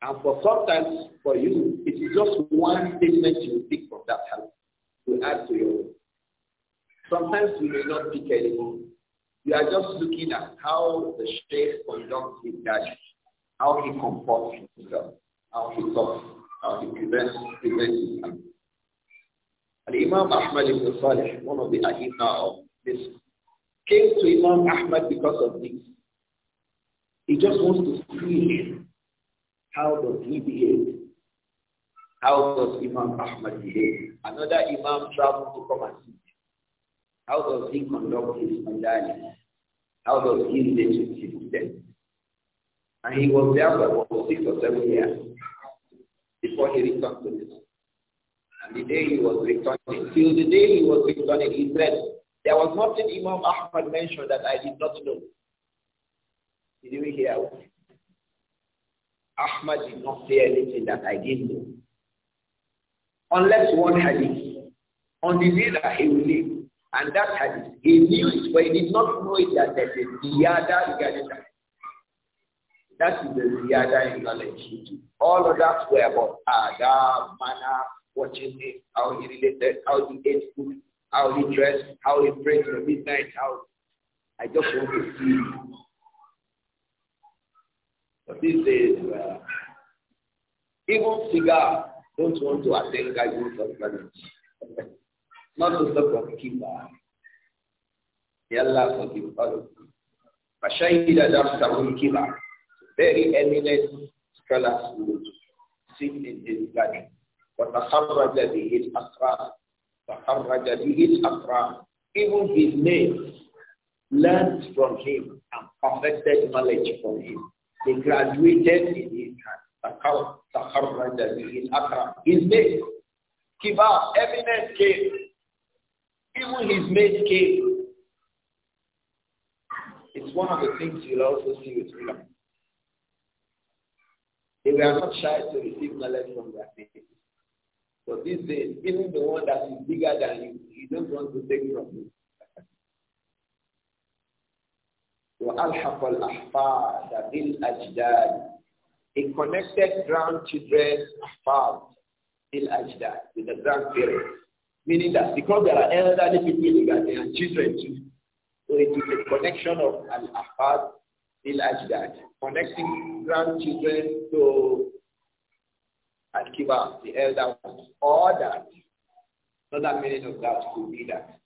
And for sometimes, for you, it is just one statement you pick from that house to add to your own. Sometimes you may not pick anymore. You are just looking at how the sheikh conducts his how he comports himself, how he talks, how he presents, presents himself. And Imam Ahmad ibn Salih, one of the Ahimma of this, came to Imam Ahmad because of this. He just wants to see him. How does he behave? How does Imam Ahmad behave? Another Imam traveled to come and see him. How does he conduct his mandalis? How does he relate with his students? And he was there for six or seven years before he returned to this. And the day he was returning, till the day he was returning, he said, there was nothing Imam Ahmad mentioned that I did not know. Did you hear? Ahmad did not say anything that I didn't know. Unless one hadith. On the day that he will leave. And that hadith, he knew it, but he did not know it that there is a ziyada regarding that. That is the ziyada in knowledge. All of that were about adab, manner, watching him, how he related, how he ate food, how he dressed, how he prayed the midnight, how I just want to see. But these days, uh, even cigar don't want to attend guidance of marriage. Not to talk of kiba. May uh, Allah forgive all of you. Fashahida Dafsahul Kiba, uh, very eminent scholars who sit in this garden. وتخرج به الأقران تخرج به الأقران even his name learned from him and perfected knowledge from him they graduated in his hand تخرج به الأقران his name Kibar, eminent came even his mate came it's one of the things you'll also see with freedom. They were not shy to receive knowledge from their faith. But these days, even the one that is bigger than you, you don't want to take from him. وَأَلْحَقَ الْأَحْفَادَ بِالْأَجْدَادِ He connected grandchildren, أحفاد, بِالْأَجْدَادِ, with the grandparents. Meaning that because there are elderly people that they are children too. So it is a connection of al-ahfad bil-ajdad, connecting grandchildren to and Kiba, the elder one, or that. Another meaning of that could be that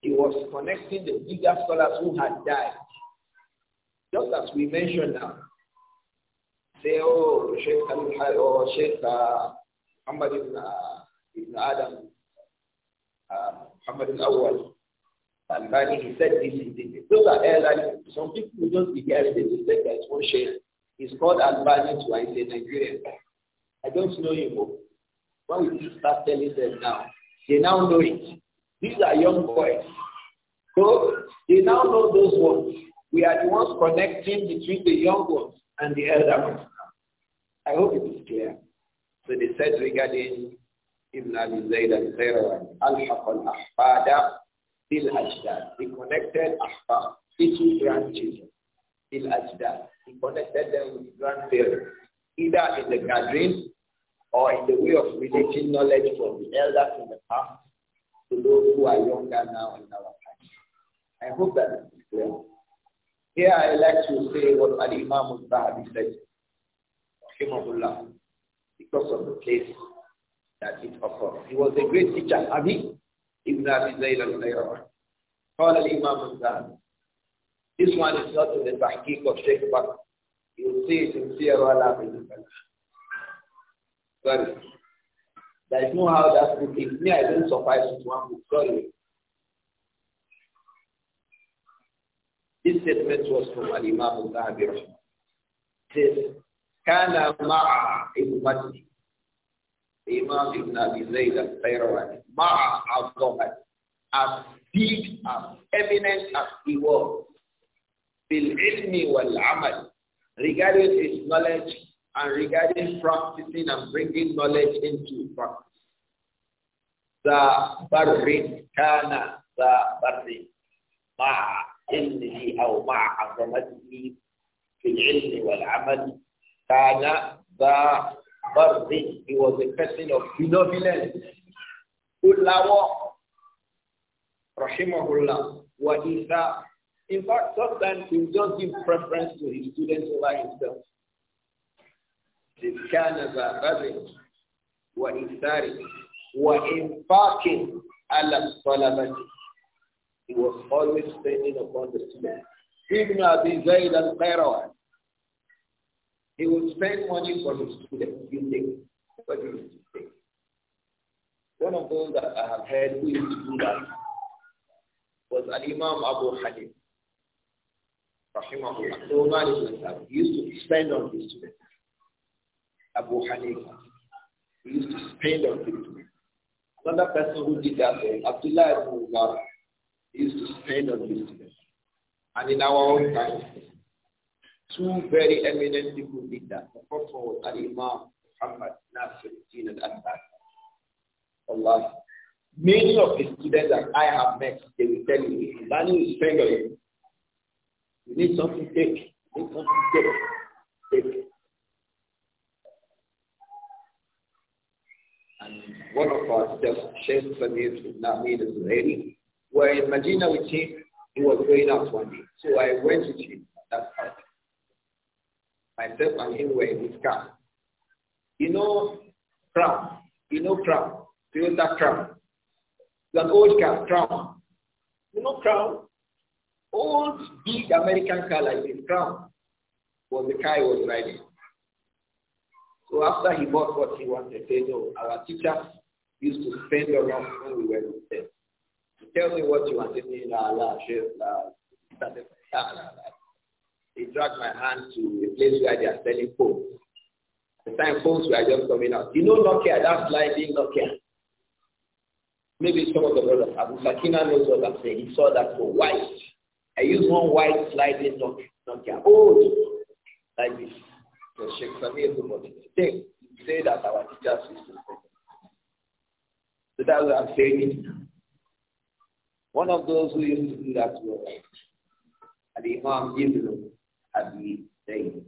he was connecting the bigger scholars who had died. Just as we mentioned now, say, oh, Sheikh Khalil Hal Sheikh uh, Muhammad ibn, uh, ibn Adam, uh, Muhammad ibn Awal, and then he said this, he did this. Those are elderly. Some people don't be careful. They say that one Sheikh is called Albanian, so I say I don't know Igbo. When we start telling them now, they now know it. These are young boys. So they now know those words. We are the ones connecting between the young ones and the elder ones. I hope it is clear. So they said regarding Ibn Abi Zayd al-Sayrawan, Al-Haq al-Ahfada bil ajdad. He connected Ahfad, his grandchildren, bil ajdad. He connected them with grandparents either in the gathering or in the way of relating knowledge from the elders in the past to those who are younger now in our time. I hope that is clear. Here I like to say what Ali Imam al Zahabi said, Rahimahullah, because of the place that it occurred. He was a great teacher, Abi Ibn Abi Zayd al Qayrawa. Call Imam al This one is not in the Tahqiq of Sheikh Bakr in Sorry. There is no how that book is. Me, I don't suffice with one book. Sorry. This statement was from Al Imam Al Zahabi. Says, "Kana ma'a ibnati." Imam Ibn Abi Zayd Al Qayrawani. Ma'a al Zahabi. As big, as eminent as he was. Bil ilmi wal amal regarding his knowledge and regarding practicing and bringing knowledge into practice. The barri he was a person of benevolence كلاوة رحمه Wa وإذا in fact, sometimes he will just give preference to his students over himself. إن كان ذا غد وإنثار وإنفاق على الطلبة He was always spending upon the students. Ibn Abi Zayd al-Qayrawan, he would spend money for his students. You think, what do you think? One of those that I have heard who used to do that was Al-Imam Abu Hanif. Rahimahullah. So Umar ibn Sa'd used to spend on his students. Abu Hanifa. He used to spend on his students. Another person who did that was Abdullah ibn Umar. He used to spend on his students. And in our own time, two very eminent people did that. The first one was Al-Imam Muhammad Nasir al-Anbar. Allah. Many of the students that I have met, they will tell me, money is spent on it. You need something, take. You need something, take. Take. And one of us just Sheikh Samir Namin al-Zuhairi, were in Medina with him. He was going out one day. So I went with him that part. Myself and him were in his car. You know, Crown. You know, Crown. that Crown. It's an old car, Crown. You know, Crown old big American car like this crown was the car he was riding. So after he bought what he wanted, they know oh, our teachers used to spend on us when we were with them. Tell me what you wanted me, la la, chef, He dragged my hand to a place where they are selling phones. the time phones were just coming out. You know Nokia, that's sliding Nokia. Maybe some of the brothers, Abu Sakina knows what I'm saying. He saw that for white. I use one white sliding Nokia, old, like this. The Sheikh Samir one. Today, you say that our teachers is to So that's what I'm saying. One of those who used to do that was the Imam Ibn Abi Zayn.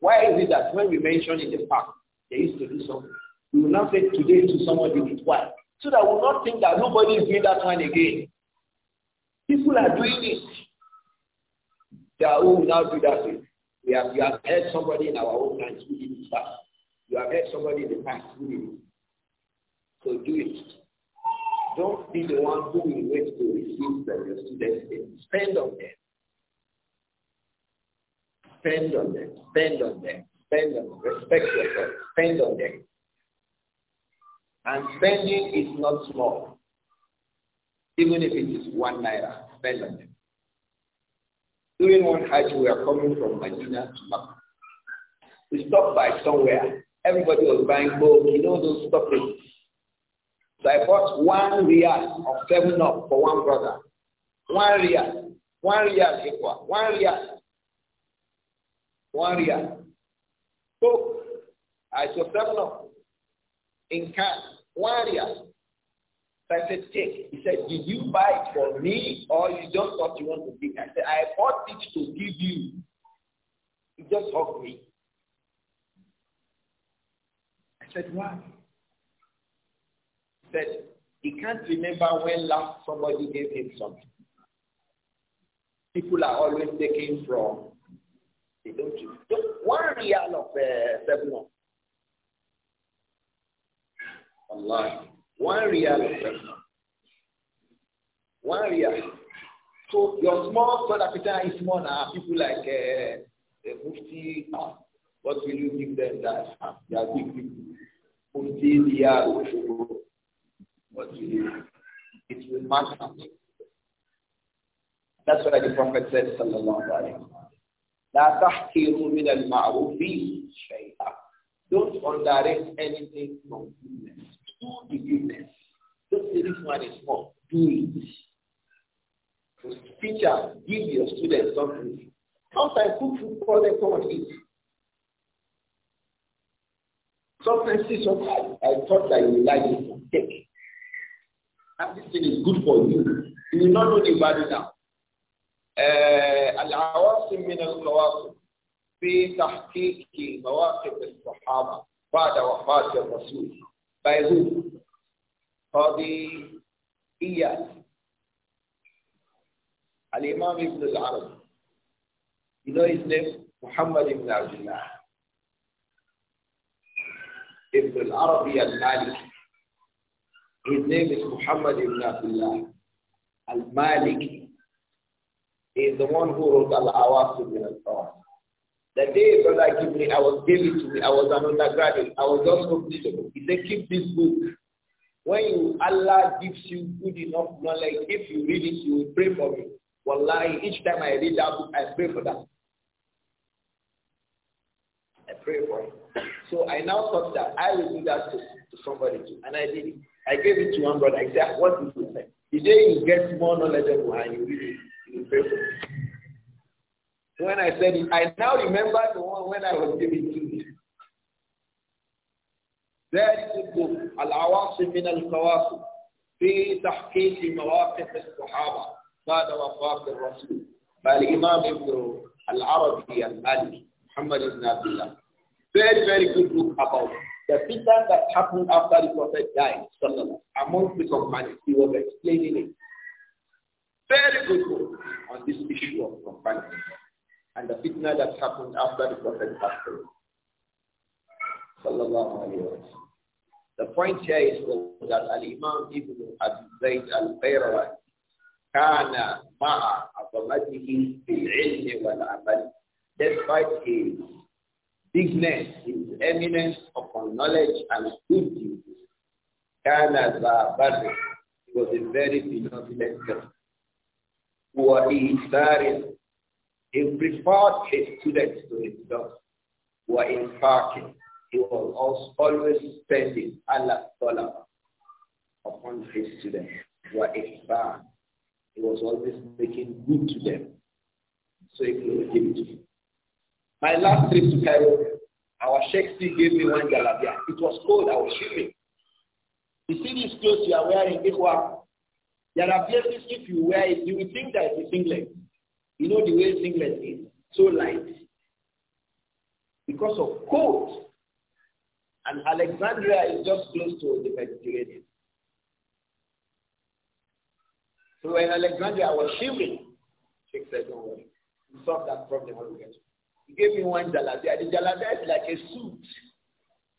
Why is it that when we mention in the past, they used to do something, we will not say today to someone did it. Why? So that we will not think that nobody is doing that one again. People are doing it. There are who now do that. Thing. We have, you have heard somebody in our own times who did it You have heard somebody in the past who did it. So do it. Don't be the one who will wait to receive from your students. Spend on them. Spend on them. Spend on them. Spend on them. Respect yourself. Spend on them. And spending is not small. Even if it is one naira, spend on them. During one Hajj, we are coming from Medina to Makkah. We stopped by somewhere. Everybody was buying gold, you know those stoppages. So I bought one riyal of seven up for one brother. One riyal. One riyal equal. One riyal. One riyal. So I took seven up in cash. One riyal. I said, take. He said, did you buy it for me or you just thought you want to be? I said, I bought it to give you. He just hugged me. I said, why? He said, he can't remember when last somebody gave him something. People are always taking from, they don't, don't one real of uh, seven. Allah. One reality. One reality. So your small sadaqah is small now. People like uh, eh, the eh, Mufti, ah, what will you give them that? Ah, they are big people. Mufti, they are what will you It will matter. That's what the Prophet said, sallallahu alayhi wa sallam. لا تحقروا من المعروف شيئا. Don't underrate anything from goodness do the business. Don't say this one is small. Do it. So teacher, give your students something. Sometimes cook food for them, come and eat. Sometimes see something I, thought that you like it, take And this thing is good for you. You will not know the value now. العواصم من القواصم في تحقيق مواقف الصحابة بعد وفاة الرسول by who? Qadi Iyas. Al-Imam Ibn al-Arab. You know his name? Muhammad Ibn Abdullah. Ibn al-Arabi al malik His name is Muhammad Ibn Abdullah al malik He is the one who wrote Al-Awasim ibn al-Tawassim. The day Brother gave me, I was giving to me. I was an undergraduate. I was just opening He said, keep this book. When you, Allah gives you good enough knowledge, if you read it, you will pray for me. Wallahi, each time I read that book, I pray for that. I pray for it. So I now thought that I will do that to, to somebody too. And I did it. I gave it to one brother. I said, "What do you this? The day you get more knowledge knowledgeable and you read it, you will pray for me." When I said it, I now remember the one when I was giving to it. ذلك الدم العواصم من القواصم في تحقيق مواقف الصحابة بعد وفاة الرسول فالإمام ابن العربي المالكي Muhammad ibn Abdullah. Very, very good book about the fitan that happened after the Prophet died, among the companions. He was explaining it. Very good book on this issue of companions and the fitna that happened after the Prophet passed away. The point here is that Al-Imam Ibn Abi Zayd Al-Qayrawan كان مع عظمته في العلم والعمل despite his bigness, his eminence upon knowledge and good deeds. كان ذا بر He was a very benevolent person. وإيثار he preferred his students to himself. Were in parking. He was always spending Allah dollar upon his students. Were in bar. He was always making good to them. So he could give it to me. My last trip to Cairo, our Sheikh still gave me one galabia. It was cold, I was shivering. You see these clothes you are wearing, Ikwa. There are places if you wear it, you will think that it's England. You know the way singlet is? So light. Because of cold. And Alexandria is just close to the Mediterranean. So when Alexandria was shivering, she said, don't worry. We solve that problem when we get He gave me one jalabia. The jalabia is like a suit.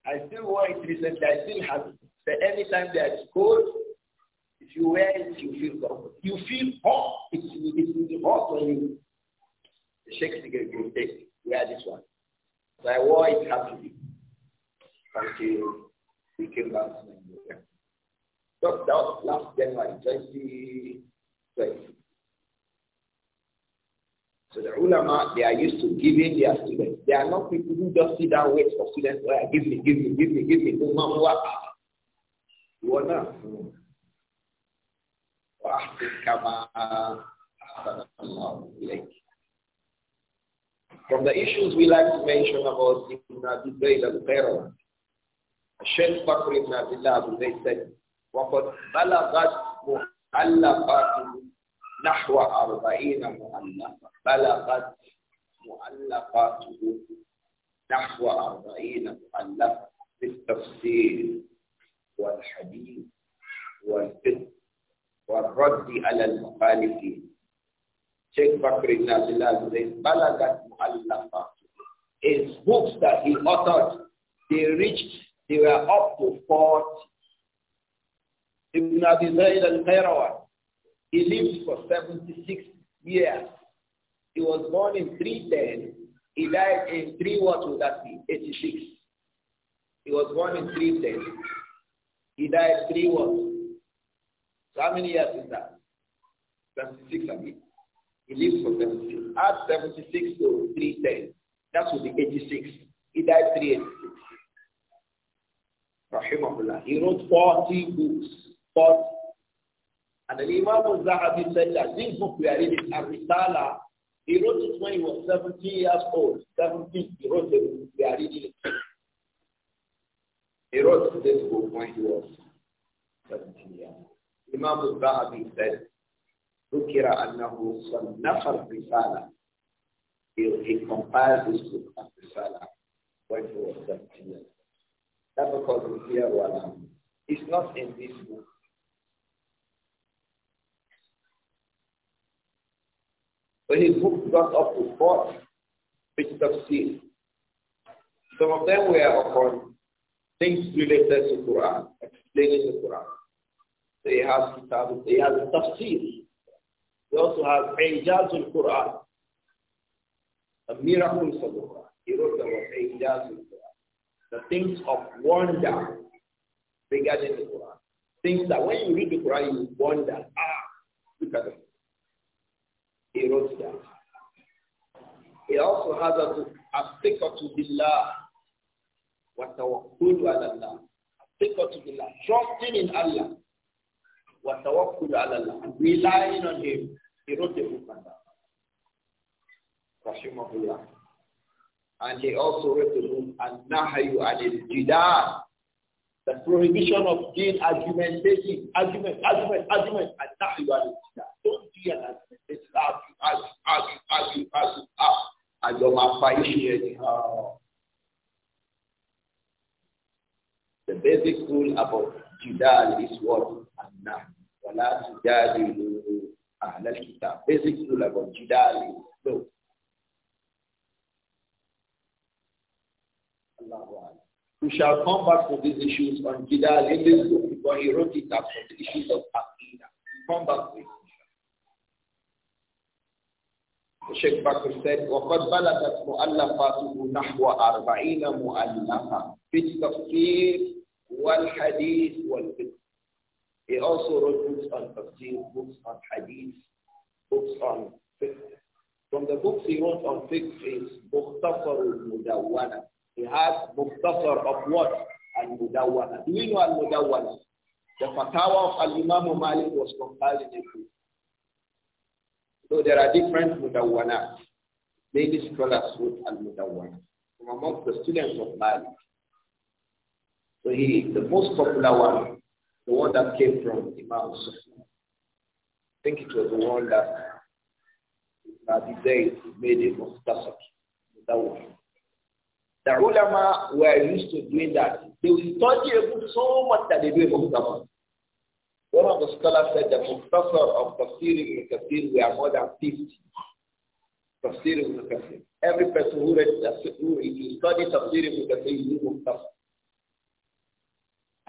I still wore it recently. I still have it. So anytime there is cold, if you wear it, you feel comfortable. You feel hot. It's, it's hot on you. The Shakespeare can say, wear this one. So I wore it happily until we came back to Nigeria. So that was last January 2020. So the ulama, they are used to giving their students. They are not people who just sit down wait for students. Oh, give me, give me, give me, give me. You are not. فأحسن كما أحسن الله إليك From the issues we like to mention about Ibn Abi Zayd al-Qayrawan, Sheikh Bakr ibn Abdullah Abu Zayd said, وَقَدْ بَلَغَتْ مُعَلَّقَاتُ نحو أربعين مؤلفة بلغت مؤلفات نحو أربعين مؤلفة بالتفسير والحديث والفقه والرد على المخالفين Sheikh Bakr ibn Abdullah says, Balagat Mu'allafa. His books that he authored, they reached, they were up to 40. Ibn Abi Zayd al-Qayrawan, he lived for 76 years. He was born in 310. He died in 3, what oh would that be? 86. He was born in 310. He died 3 what? So how many years is that? 76, I mean. He lives for 76. Add 76 to 310. That would be 86. He died 386. Rahimahullah. He wrote 40 books. 40. And the Imam al-Zahabi said that this book we are reading, Ar-Risala, he wrote it when he was 17 years old. 17. he wrote the book we are reading. It. He wrote this book when he was 17 years old. Imam al-Zahabi said, ذكر أنه صنف الرسالة. He, he compiled this book of Risala when he was 17 years That's because we hear Walam. It's not in this book. But his book got up to four pages of seal. Some of them were upon things related to Quran, explaining the Quran they he has Kitab, he has Tafsir. He also has Ijaz al-Quran, a miracle of the Quran. He wrote about Ijaz al-Quran, the things of wonder regarding the Quran. Things that when you read the Quran, you wonder, ah, look at it. He wrote that. He also has a, a to Allah. what tawakkul ala Allah, a sticker to Allah, trusting in Allah. وَتَوَكُّلُ عَلَى اللَّهِ Relying on Him. He wrote a book on that. Rahimahullah. And he also wrote the book, An-Nahayu Anil-Jidar. The prohibition of being argumentative. Argument, argument, argument. An-Nahayu Anil-Jidar. Don't be an argumentative. Argue, argue, argue, argue, argue, argue. Ah, and your man fight anyhow. The basic rule about Jidal is what? and nahayu فلا تجادلوا أهل الكتاب جدال الله أعلم We shall come back to these issues on Jidal in this book because he wrote it up for the issues of Aqidah. Come back to it. Sheikh Bakr said, وَقَدْ بَلَغَتْ مُؤَلَّفَاتُهُ نَحْوَ أَرْبَعِينَ مُؤَلَّفَةً فِي التَّفْسِيرِ وَالْحَدِيثِ he also wrote books on tafsir, books on hadith, books on fiqh. From the books he wrote on fiqh is Muqtasar al-Mudawwana. He has Muqtasar of what? Al-Mudawwana. Do you know Al-Mudawwana? The fatwa of Al-Imam Malik was compiled in it. So there are different mudawanas, Many scholars wrote Al-Mudawwana from among the students of Malik. So he, the most popular one the one that came from Imam Sufyan. I think it was the one that Nabi Zayd made him of Tasaki. That one. The ulama were used to doing that. They will study a book so much that they do a muqtasa. One of the scholars said that professor of Tafsir ibn Kathir were more than 50. Tafsir ibn Kathir. Every person who read who, if you study Tafsir ibn Kathir, you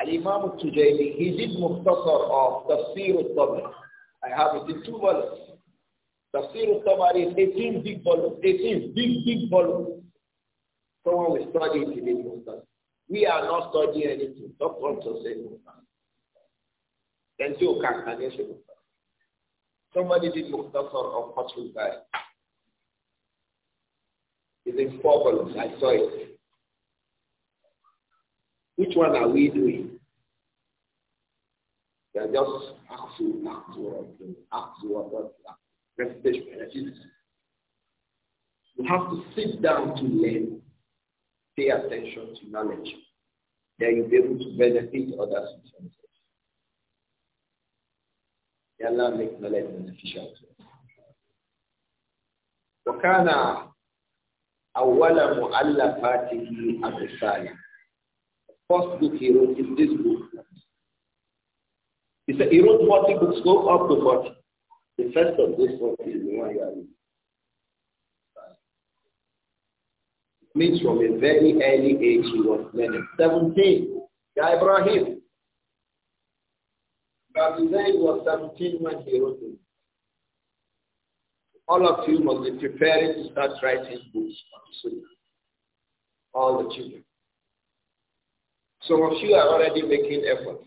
Al-Imam al-Tujayli, he did Muqtasar of Tafsir al-Tabari. I have it in two volumes. Tafsir al-Tabari is 18 big volumes, 18 big, big volumes. Someone will study it in Muqtasar. We are not studying anything. Don't want to say Muqtasar. Then you can finish Muqtasar. Somebody did Muqtasar of Fatul Bari. It's in four volumes. I saw it. Which one are we doing? They are just aksu, aksu, aksu, recitation benefits. You have to sit down to learn, pay attention to knowledge. Then you'll be able to benefit others in May Allah make knowledge beneficial to us. وكان أول مؤلفاته الرسالة. First book he wrote is this book, he said wrote 40 books, go up to 40. The first of this 40 is the one you are reading. means from a very early age he was learning. 17, Ya Ibrahim. Ibrahim was 17 when he wrote it. All of you must be preparing to start writing books All the children. Some of you are already making efforts.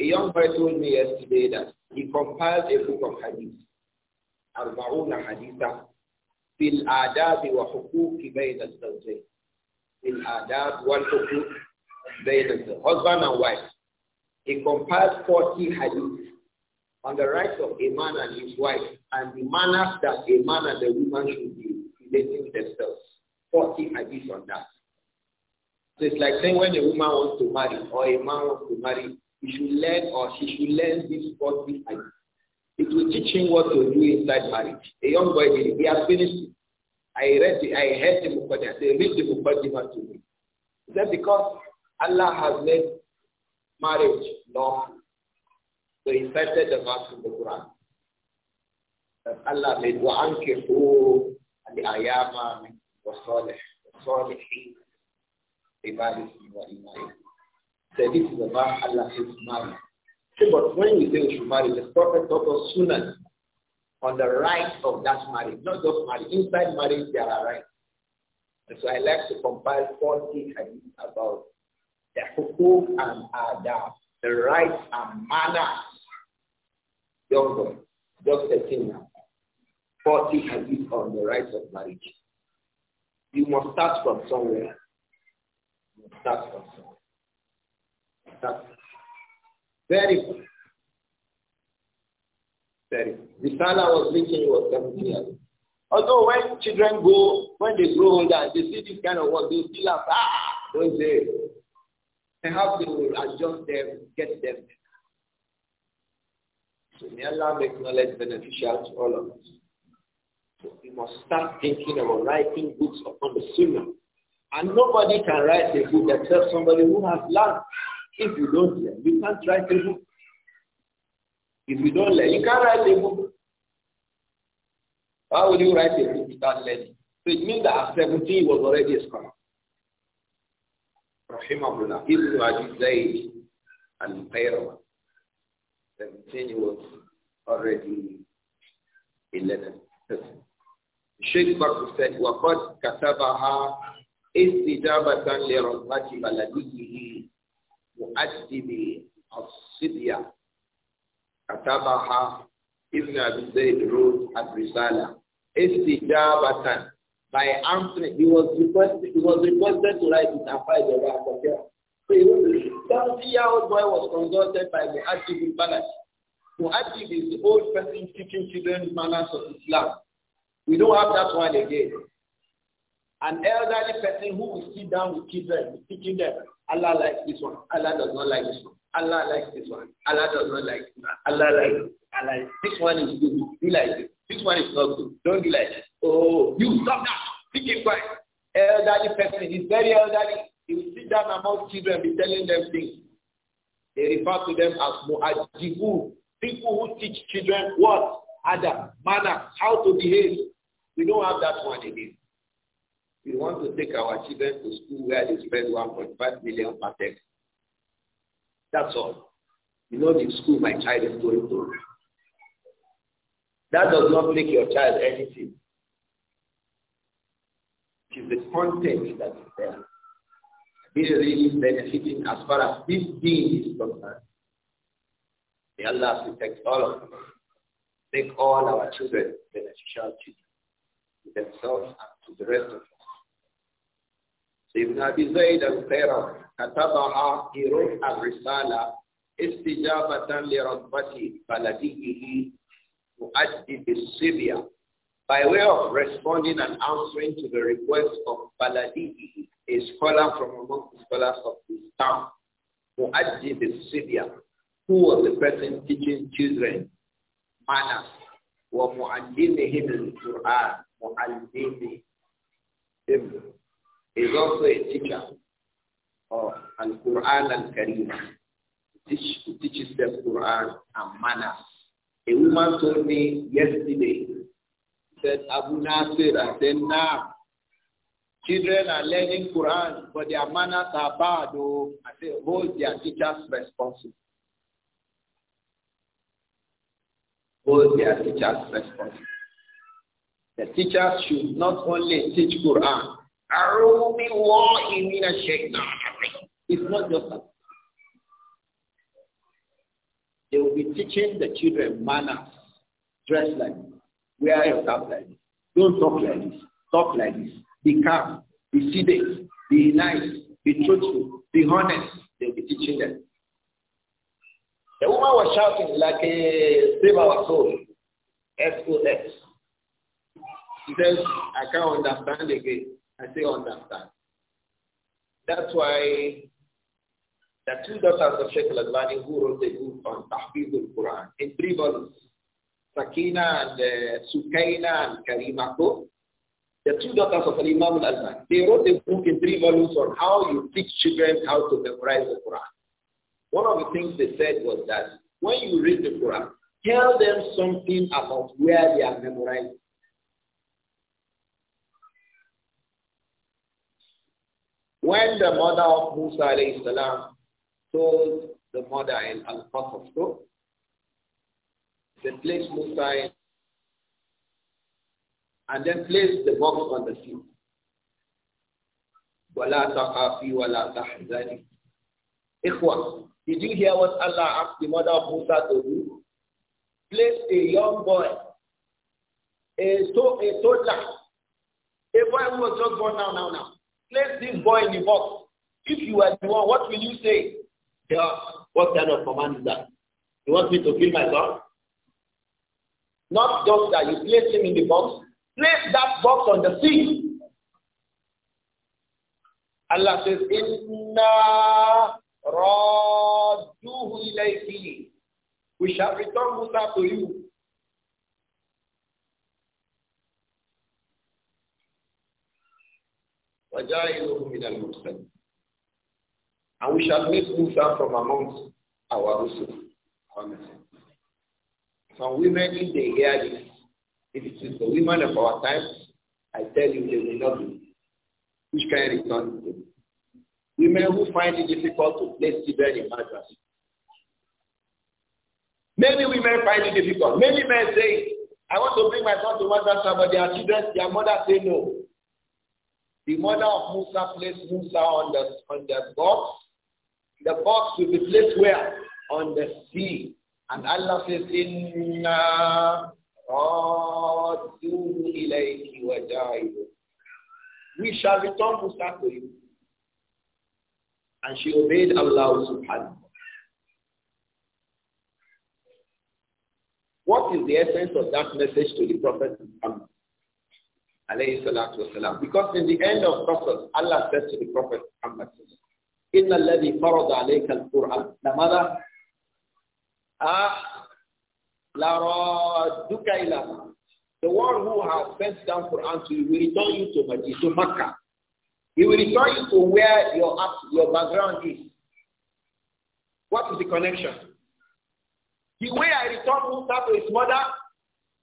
A young boy told me yesterday that he compiled a book of hadith, Arba'una Haditha, Fil Adab wa Hukuki Bayn al Fil Adab wa Hukuk Bayn Husband and wife. He compiled 40 hadiths on the rights of a man and his wife and the manners that a man and a woman should be relating themselves. 40 hadiths on that. So it's like saying when a woman wants to marry or a man wants to marry, he should learn or she should learn this sport this idea. It will teach him what to do inside marriage. A young boy He has finished it. I read it. I heard the Mukhadi. I said, read the Mukhadi to me. Is that because Allah has made marriage lawful? So he cited the verse in the Quran. That Allah made وَأَنْكِحُوا الْأَيَامَ مِنْ وَصَالِحِ وَصَالِحِ wa وَإِمَائِهِ this is about Allah says marry. But when we say we should marry, the Prophet taught us sooner on the right of that marriage, not just marriage. Inside marriage, there are rights. And so I like to compile 40 hadiths about the hukuk and adab, the rights and manners. Young boy, just 13 now. 40 hadiths on the rights of marriage. You must start from somewhere. You must start from somewhere. Very good. Very good. The I was reaching was 17 years. Although when children go, when they grow older, they see this kind of work, they still have, ah, don't they? Perhaps they will adjust them, get them so may Allah make knowledge beneficial to all of us. So we must start thinking about writing books upon the Sunnah. And nobody can write a book except somebody who has learned. If you don't learn, you can't write a book. If you don't learn, you can't write a book. Why would you write a book without learning? So it means that at 17 he was already a scholar. Rahimahullah, Ibn Abi Zayd al-Qayrawa. 17 he was already a learned person. Sheikh Bakr said, وَقَدْ كَتَبَهَا استجابة لرغبة بلديه مؤدب الصبية كتبها ابن أبي زيد wrote at Risala استجابة by answering he was requested he was requested to write his and find the right of him. So he year old boy was consulted by Muad'Dib al-Balad. Muad'Dib is the old person teaching children manners of Islam. We don't have that one again. An elderly person who will sit down with children, teaching them Allah likes this one. Allah does not like this one. Allah likes this one. Allah does not like this one. Allah likes Allah. This one is good. Do like this. This one is not good. Don't do like this. Oh, you stop that. Be keep quiet. Elderly person he's very elderly. He will sit down among children and be telling them things. They refer to them as mu'ajibu. People who teach children what? Adam, manner, how to behave. We don't have that one again. We want to take our children to school where they spend 1.5 million per day. That's all. You know the school my child is going to. That does not make your child anything. It is the content that is there. This really is benefiting as far as this being is concerned. May Allah protect all of us. Make all our children beneficial children to themselves and to the rest of us. So Ibn Abi Zayd al-Qayran, كتبها, he wrote الرسالة استجابة لرغبة بلديه مؤدي بالسبية by way of responding and answering to the request of Baladihi, a scholar from among the scholars of his town, Muadjib al-Sibya, who was the person teaching children manners, wa mu'allimihim al-Qur'an, mu'allimihim is also a teacher of Al-Quran and karim Teach, teaches them Quran and manners. A woman told me yesterday, said, Abu Nasir, I said, nah, children are learning Quran, but their manners are bad. Oh, I said, hold their teachers responsible. Hold their teachers responsible. The teachers should not only teach Quran, it's not just that. They will be teaching the children manners. Dress like Wear your cap like this. Don't talk like this. Talk like this. Be calm. Be seated. Be nice. Be truthful. Be honest. They'll be teaching them. The woman was shouting like a save our soul. S-O-S. She says, I can't understand again. I say understand. That's why the two daughters of Sheikh Al-Albani who wrote a book on Tahfiz al-Quran in three volumes, Sakina and uh, Sukaina and Karimako, the two daughters of Imam al-Albani, they wrote a book in three volumes on how you teach children how to memorize the Quran. One of the things they said was that when you read the Quran, tell them something about where they are memorizing. when the mother of Musa alayhi salam told the mother in Al-Qasas, so they placed Musa in and then placed the box on the sea. وَلَا تَخَافِي وَلَا تَحْزَنِي Ikhwa, did you hear what Allah asked the mother of Musa to do? Place a young boy, a, to, a toddler, a boy who was just born now, now, now, place this boy in the box. If you were the one, what will you say? Yeah, what kind of command is that? You want me to kill my son? Not just that you place him in the box, place that box on the sea. Allah says, Inna raduhu ilayki. We shall return Musa to you. And we shall make Musa from amongst our Rusul, Some women, if they hear this, if it is the women of our times, I tell you they will not be. Which kind of return to them? Women who find it difficult to place children in matters. Many women find it difficult. Many men say, I want to bring my son to madrasa, but their children, their mother say no. The mother of Musa placed Musa on the, on the box. The box will be placed where? On the sea. And Allah says, Inna ilayki wa We shall return Musa to you. And she obeyed Allah subhanahu What is the essence of that message to the Prophet Muhammad? alayhi salatu wasalam. Because in the end of Prophet, Allah says to the Prophet Muhammad, إِنَّ الَّذِي فَرَضَ عَلَيْكَ "Ah, la raduka ila." The one who has sent down Quran to you will return you to Majid, to Makkah. He will return you to where your, your background is. What is the connection? The way I return Musa to his mother,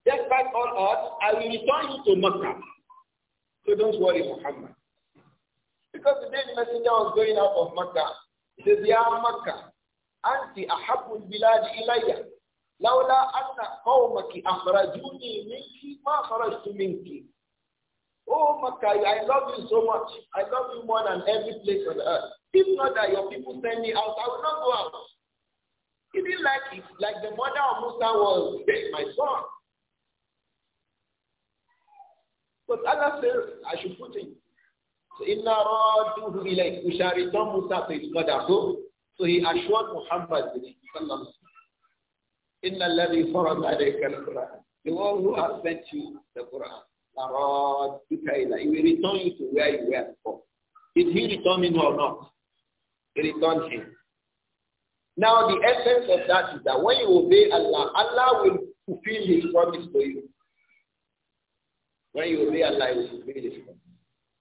despite all odds, I will return you to Makkah. So don't worry, Muhammad. Because the day the messenger was going out of Mecca, he says, Ya Mecca, anti ahabul bilad ilayya. Lawla anna قومك ahrajuni minki ma خرجت منك Oh Mecca, I love you so much. I love you more than every place on earth. If not that your people send me out, I will not go out. He didn't like it. Like the mother of Musa was, hey, my son, But Allah says, I should put him. So, Inna radduhu ilayk. We shall return Musa to his mother. So, so he assured Muhammad with it. Inna alladhi farad alayka al-Quran. The one who has sent you the Quran. Narad Dukaila. He will return you to where you were before. Did he return him or not? He returned him. Now the essence of that is that when you obey Allah, Allah will fulfill his promise to you. When you obey Allah, you obey this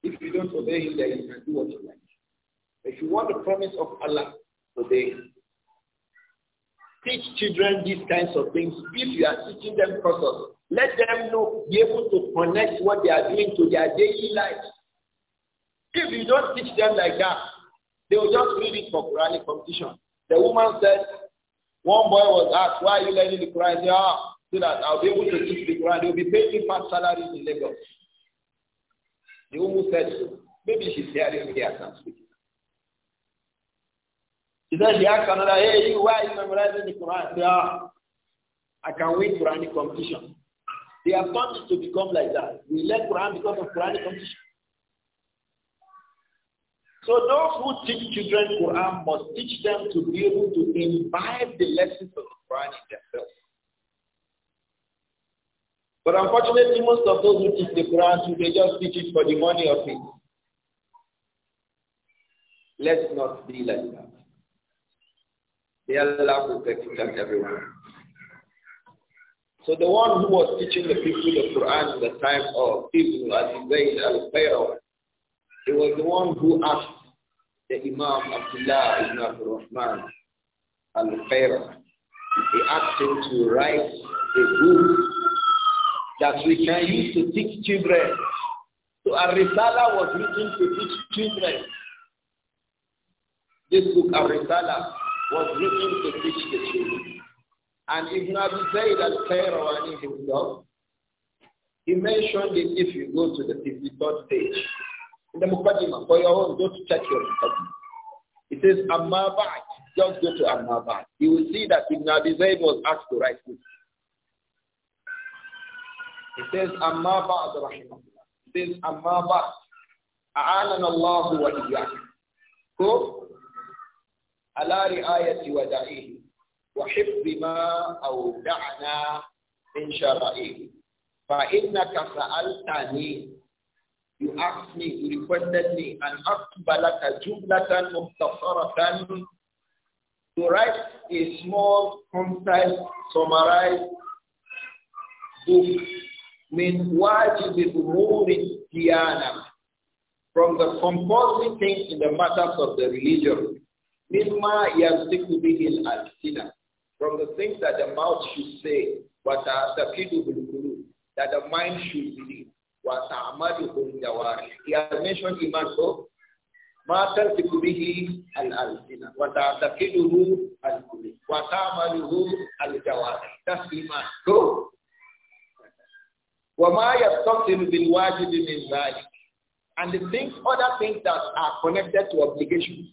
If you don't obey him, then you can do what you like. If you want the promise of Allah, obey him. Teach children these kinds of things. If you are teaching them process, let them know, be able to connect what they are doing to their daily life. If you don't teach them like that, they will just read it for Quranic competition. The woman said, one boy was asked, why are you learning the Quran? He ah, so that I'll be able to teach the Quran. They'll be paying me salaries in Lagos. The woman said so. Maybe she's hearing me as I'm speaking. She said she asked another, hey, you, why are you memorizing the Quran? Say, ah, I can win Quranic competition. They have taught to become like that. We learn Quran because of Quranic competition. So those who teach children Quran must teach them to be able to imbibe the lessons of the Quran in themselves. But unfortunately, most of those who teach the Quran, they just teach it for the money of it. Let's not be like that. May Allah protect everyone. So the one who was teaching the people the Quran in the time of Ibn al-Zayd al-Qayrawi, it was the one who asked the Imam Abdullah ibn Abdul Rahman al-Qayrawi, he asked him to write a book that we can use to teach children. So Arisala was written to teach children. This book, Arisala, was written to teach the children. And Ibn Abi Zayd al-Qayrawani himself, he mentioned it if you go to the 53rd page. In the Muqaddimah, for your own, go to check your Muqaddimah. It says, Amma ba Just go to Amma ba You will see that Ibn Abi Zayd was asked to write this it says, Amma ba'd rahimahullah. It says, Amma ba'd. A'anan Allah wa iyyak. Ko? Ala ri'ayati wa da'ihi. Wa hibbi ma au da'na min shara'ihi. Fa innaka sa'altani. You asked me, you requested me, an akbalaka a muhtasaratan to write a small, concise, summarized book min wajib umuri diyana from the composing things in the matters of the religion mimma yasdiku bihi al-alsina from the things that the mouth should say wa ta'taqidu bil that the mind should believe wa ta'malu bil jawari he has mentioned iman so ma tasdiku bihi al-alsina wa ta'taqiduhu al-qulub wa ta'maluhu al-jawari that's iman go وَمَا يَسْتَطِرُ بِالْوَاجِبِ مِنْ ذَلِكَ And the things, other things that are connected to obligations.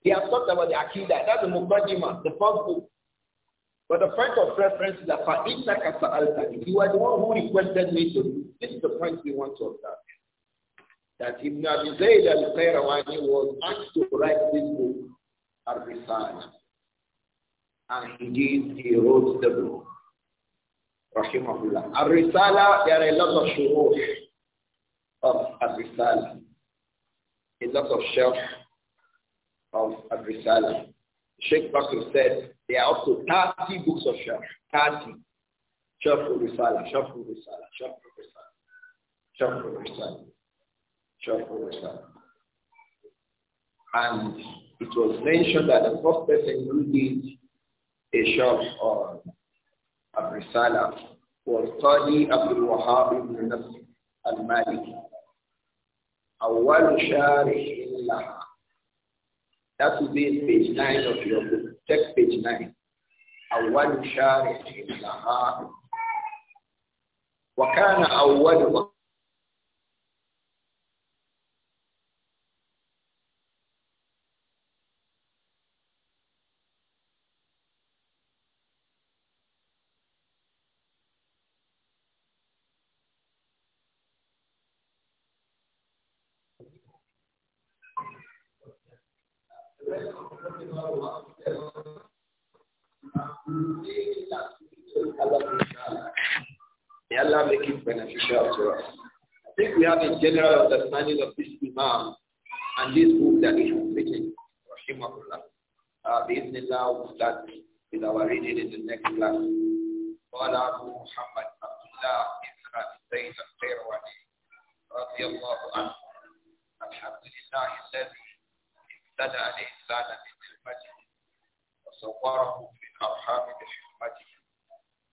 He have talked about the Akidah. That's the Mukadima, the first book. But the point of reference is that for فَإِنَّكَ سَأَلْتَنِي You are the one who requested me to do. This is the point we want to observe. That Ibn Abi Zayd al-Qayrawani was asked to write this book, al And he did, he wrote the book. Rahimahullah. Ar-Risala, there are a lot of shuruh of Ar-Risala. A lot of shelf of Ar-Risala. Sheikh Bakr said there are up to 30 books of shelf. 30. Shelf Risala, Shelf Risala, Shelf Risala, Shelf Risala, Shelf Risala. And it was mentioned that the first person who did a shelf of. That would be page 9 of your book. Check page 9. Awal Sharih Laha. it beneficial to us. I think we have a general understanding of this Imam and this book that he has written, Rahimahullah. Uh, Bismillah, we'll start with our reading in the next class. قال أبو محمد عبد الله بن زيد القيرواني رضي الله عنه الحمد لله الذي ابتدأ الإنسان بنعمته وصوره في الأرحام بحكمته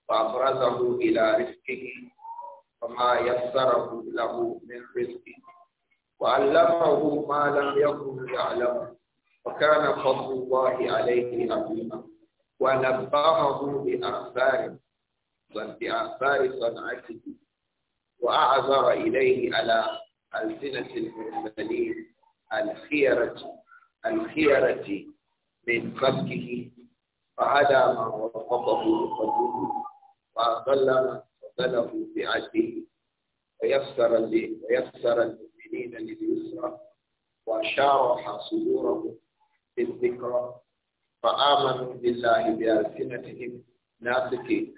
وأبرزه إلى رزقه فما يسره له من رزقه وعلمه ما لم يكن يعلمه وكان فضل الله عليه عظيما ونبهه بآثار بآثار صنعته وأعذر إليه على ألسنة المرسلين الخيرة الخيرة من فكه فهذا ما وفقه قدره وأضل من فضله بعدله ويسر ويسر المؤمنين لليسرى وشارح صدورهم بالذكرى فآمنوا بالله بألسنتهم ناسكين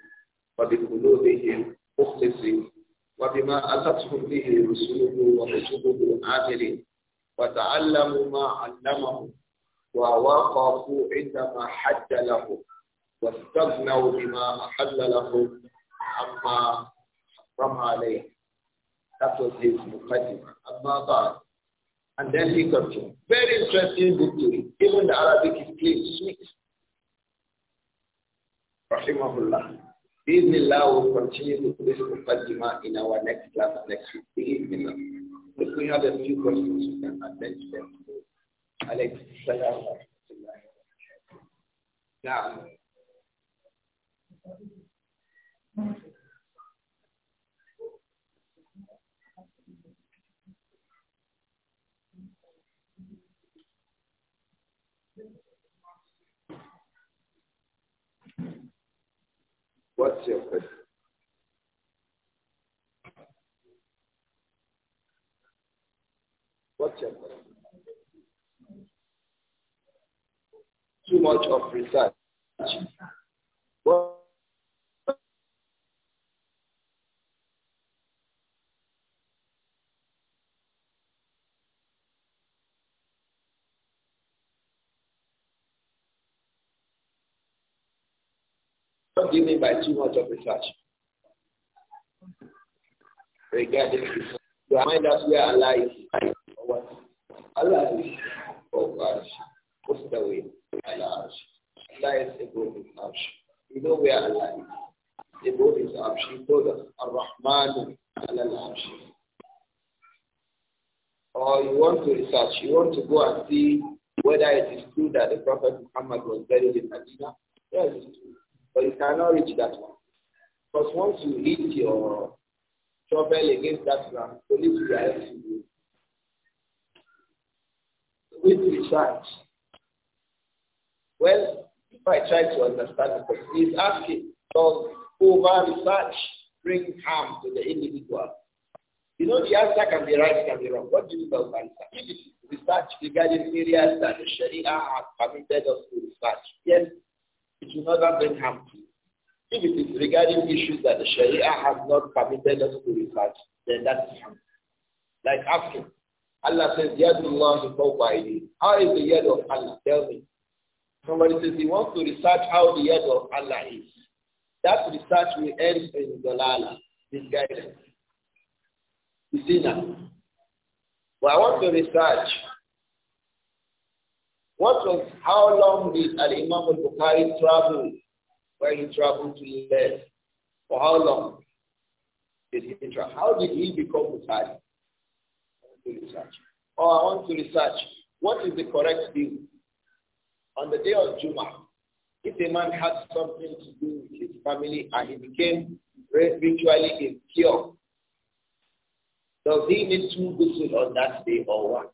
وبقلوبهم مخلصين وبما أتتهم به رسله ورسوله عاملين وتعلموا ما علمهم ووقفوا عندما حد لهم واستغنوا بما أحل لهم Amma from alayh. That was his muqaddimah. Amma ba And then he continued. Very interesting book to read. Even the Arabic is clean, sweet. Rahimahullah. Bismillah will continue to this muqaddimah in our next class next week. Bismillah. If we have a few questions, we can address them. Alex, salam. Now. What's your question? What's your question? Too much of research. not given by too much of research. Regarding this, mind us we are alive. or what? Allah is for us. What's the way? Alive, is. Allah is above his You know we are alive. The Above is up. She told us, Ar-Rahman al arsh. Or you want to research, you want to go and see whether it is true that the Prophet Muhammad was buried in Medina. Yes, it's true. But you cannot reach that one. Because once you hit your shovel against that ground, police will arrest you. With research, well, if I try to understand the question, he's asking, does over research bring harm to the individual? You know, the answer can be right, can be wrong. What do you mean by over research? If research regarding areas that the Sharia has permitted us to research, yes, it will not bring harm to you. If it is regarding issues that the Sharia has not permitted us to research, then that is harm. Like asking, Allah says, Yadullah is How is the yad of Allah? Tell me. Somebody says he wants to research how the yad of Allah is. That research will end in Dalala, misguidance. You see now? But I want to research what was, how long did Al-Imam al-Bukhari travel when he traveled to Lebanon? For how long did he travel? How did he become Bukhari? I want to research. Or oh, I want to research what is the correct view. On the day of Juma, if a man had something to do with his family and he became ritually impure, does he need two ghusl on that day or one?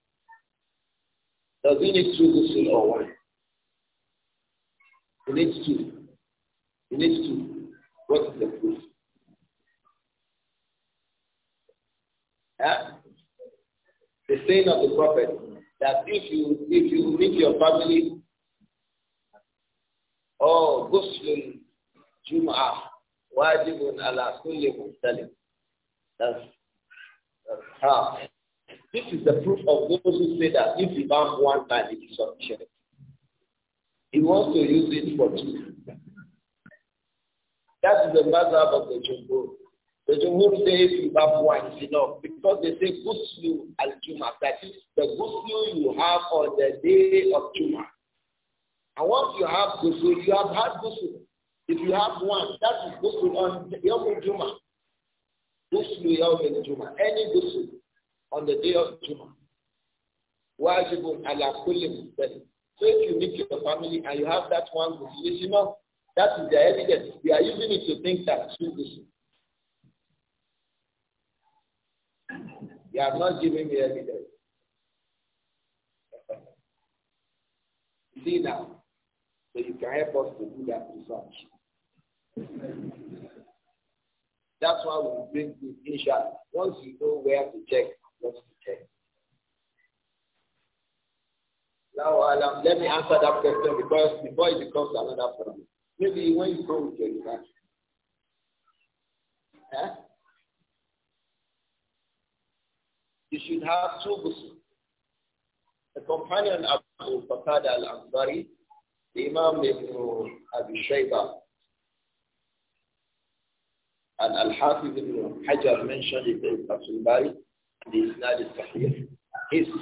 Does he need two ghusl or one? He needs two. He needs two. What is the proof? Yeah, The saying of the prophet that if you if you meet your family, oh ghuslun jum'ah wajibun ala kulli muslim. That's, that's how. This is the proof of those who say that if you have one time, it is sufficient. He wants to use it for two. That is the matter of the jumbo. The jumbo say if you have one is enough because they say Guslu and Juma. That is the news you have on the day of Juma. And once you have Guslu, you have had Guslu. If you have one, that is good Guslu on Yom Juma. Guslu your Juma. Any Guslu on the day of Juma. Wajibun ala kulli So if you meet your family and you have that one muslima, that is the evidence. We are using it to think that through this. You are not giving me evidence. See now. So you can help us to do that research. That's why we bring this inshallah. Once you know where to check, What's the case? Now, Alam, let me answer that question because before it becomes another problem. Maybe when you go with your university. Huh? You should have two ghusl. The companion Abu Bakr al-Ansari, the Imam Ibn Abi Shayba, and Al-Hafiz Ibn Hajar mentioned it in Fatul Bari, his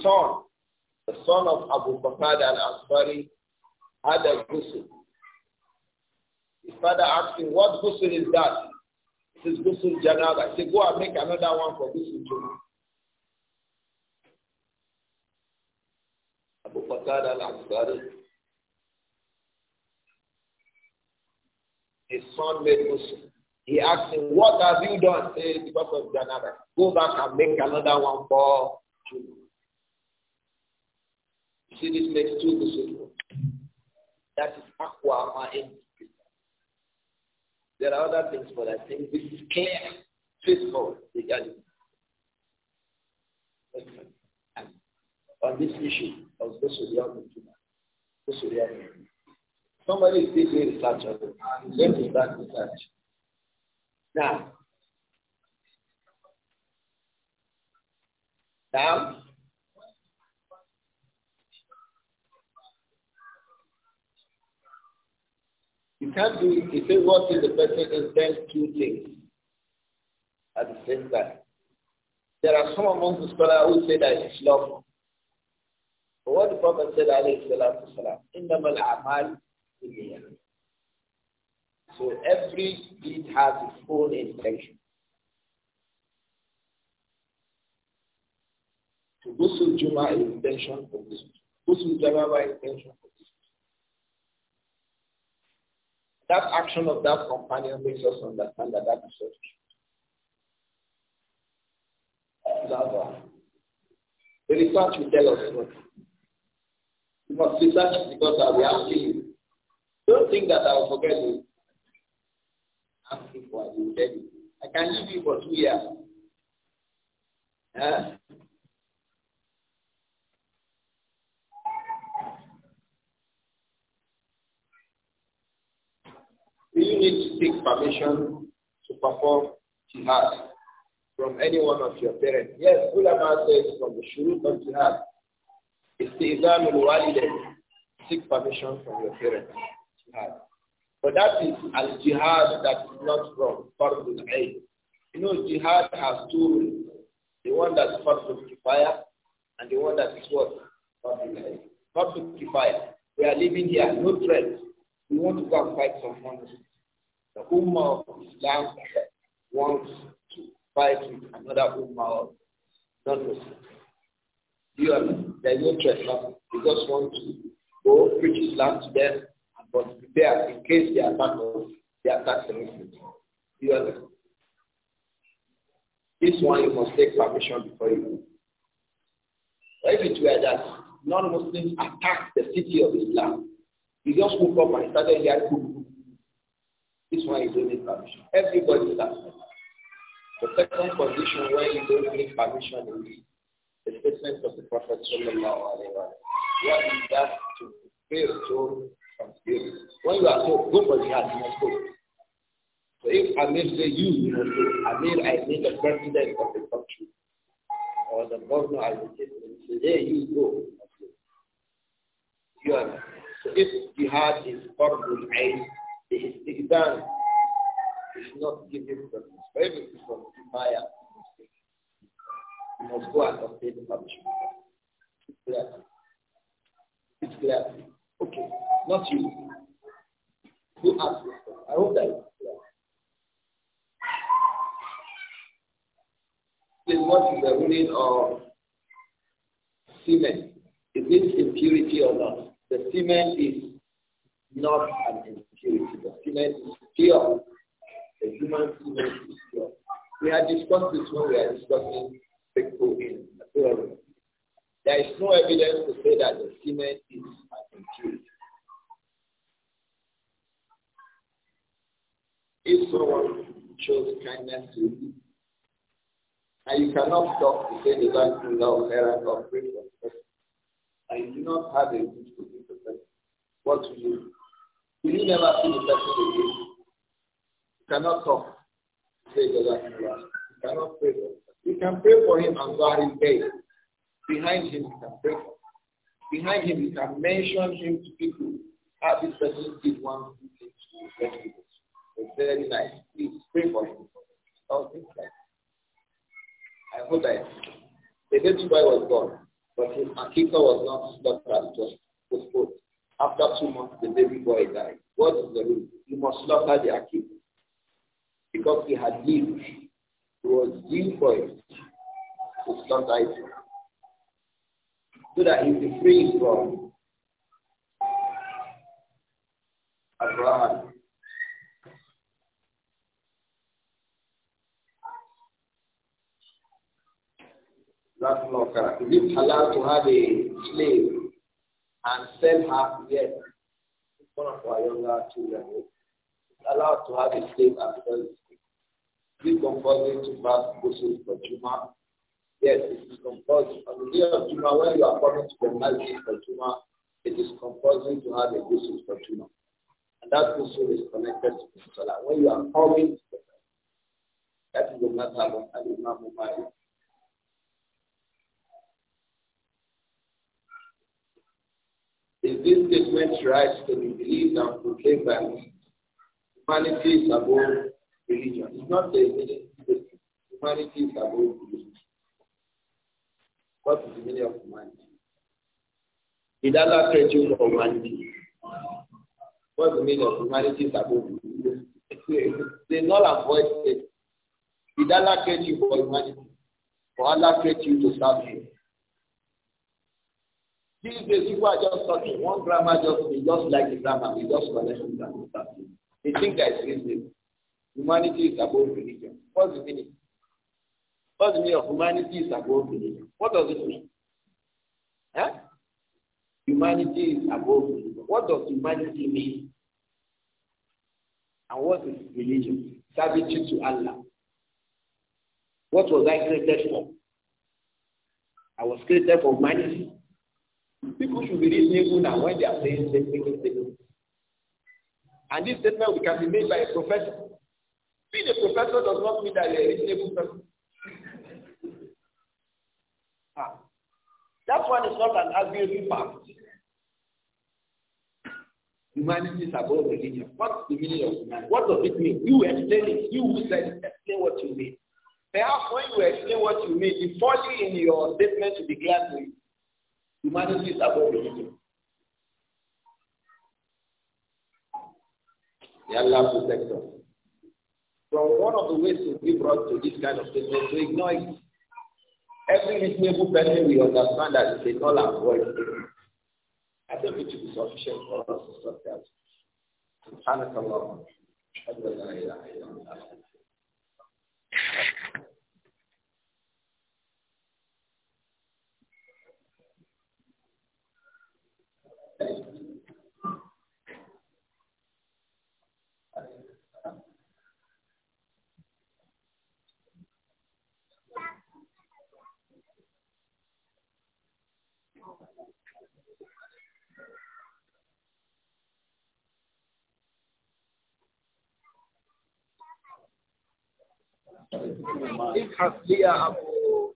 son, the son of Abu Bakr al asbari had a ghusl. His father asked him, what ghusl is that? He says, ghusl janaba. He said, go and make another one for ghusl janaba. Abu Bakr al asbari his son made ghusl. He asked him, what have you done? Say, because of Janaba. Go back and make another one for Juma. You see, this makes two ghusl. That is aqua ma'in. There are other things, but I think this is clear, straightforward regarding and on this issue of Gosuliyahu Juma. Gosuliyahu. Somebody is busy research on it. He's going to start research. Now, now, You can't do it. You say what is the person is then two things at the same time. There are some among the scholars who say that it's love. But what the Prophet said, alayhi salatu salam, إِنَّمَا الْأَعْمَالِ بِالْيَمِينَ so every deed has its own intention. To Gusul Juma is intention for this. Gusul Jababa is intention for this. That action of that companion makes us understand that that is such. The research will tell us what. You must research because I will ask you. Don't think that I will forget you. I can leave you for two years. Huh? Do you need to seek permission to perform jihad from any one of your parents? Yes, ulama says from the shurut of jihad, it's the exam in Seek permission from your parents. Jihad. But that is al-jihad that is not from Fardul Ain. You know, jihad has two rules. The one that's Fardul Kifaya and the one that is what? Fardul Ain. Fardul Kifaya. We are living here, no threat. We want to go and fight some monsters. The Ummah of Islam wants to fight with another Ummah of non-Muslims. You are, there is no threat now. just want to go preach Islam to them but prepare in case they attack us, they attack the refuge. You understand? This one you must take permission before you go. If it were that non-Muslims attacked the city of Islam, you just woke up and started hearing This one is need permission. Everybody starts. The second condition where you don't need permission is the statement of the Prophet Sallallahu Alaihi Wasallam. What is that to fail to when you are told, go for jihad, you go. So if Amir say you, you must go. Amir, I mean the president of the country. Or the governor, I mean, say, hey, you go. You are. So if he jihad is Fardul Ain, it is Igdan. It's not giving from his favorite from Kibaya. He must go and obtain the punishment. It's clear. It's clear. Okay not you. Who asked? I hope that is you what is the meaning of semen? Is this impurity or not? The semen is not an impurity. The semen is pure. The human semen is pure. We had discussed this when we are discussing the in the theory. There is no evidence to say that the semen is an impurity. If someone shows kindness to you, and you cannot stop to say the last thing that was errand or pray for the person, and you do not have a good to for the what will you do? Will you never see the person again? You cannot talk to say the last thing You cannot pray for him. You can pray for him and go his Behind him, you can pray for him. Behind him, you can mention him to people. How this person did one thing to let people. It's very nice. Please pray for him. Something like that. I hope that the baby boy was born, but his akita was not slaughtered, just postponed. After two months, the baby boy died. What is the rule? You must slaughter the akita because he had lived. He was due for it to slaughter it so that he will be free from Abraham. That's not correct. Is it halal to have a slave and sell her? Yes. It's one of our younger children. It's allowed to have a slave and sell it. Is it compulsory to fast ghusl for Juma? Yes, it is compulsory. On the day of Juma, when you are coming to the masjid for Juma, it is compulsory to have a ghusl for Juma. And that ghusl is connected to the Salah. When you are coming, that is the matter of Al-Imam Is this statement right to be believed and proclaimed by me? Humanity is above religion. It's not the religion. Humanity is above religion. What is the meaning of humanity? Did Allah create you for humanity? What's the meaning of humanity is above religion? They null and void state. Did Allah create you for humanity? For Allah create you to serve him? These days, people are just talking. One grammar just is just like the grammar. We just connect with that. They think that it's reason. Humanity is above religion. What's the meaning? What's the meaning of humanity is above religion? What does it mean? Huh? Humanity is above religion. What does humanity mean? And what is religion? Servitude to Allah. What was I created for? I was created for humanity. People should be reasonable now when they are saying statement statement. And this statement we can be made by a professor. Being a professor does not mean that you're a reasonable person. ah. That one is not an arguable fact. Humanity is about religion. What's the meaning of humanity? What does it mean? You explain it. You who said explain what you mean. Perhaps when you explain what you mean, the folly in your statement will be clear to you humanity is above religion. May Allah protect us. So one of the ways to be brought to this kind of statement to ignore it. Every reasonable person we understand that they all avoid it. I think it should be sufficient for us to stop that. سبحانك اللهم وبحمدك لا اله الا انت ابحث لي أبو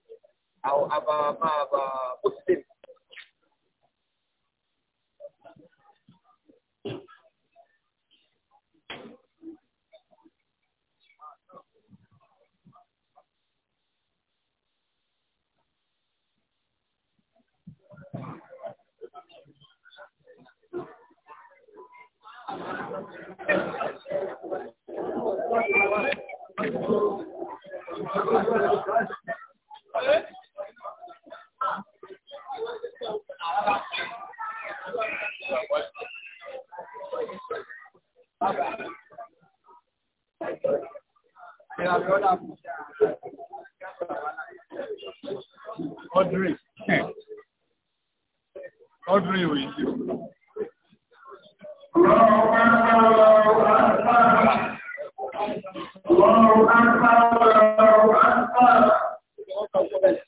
أو أبا ما أبا مسلم Ordering. Ordering with you. Thank you.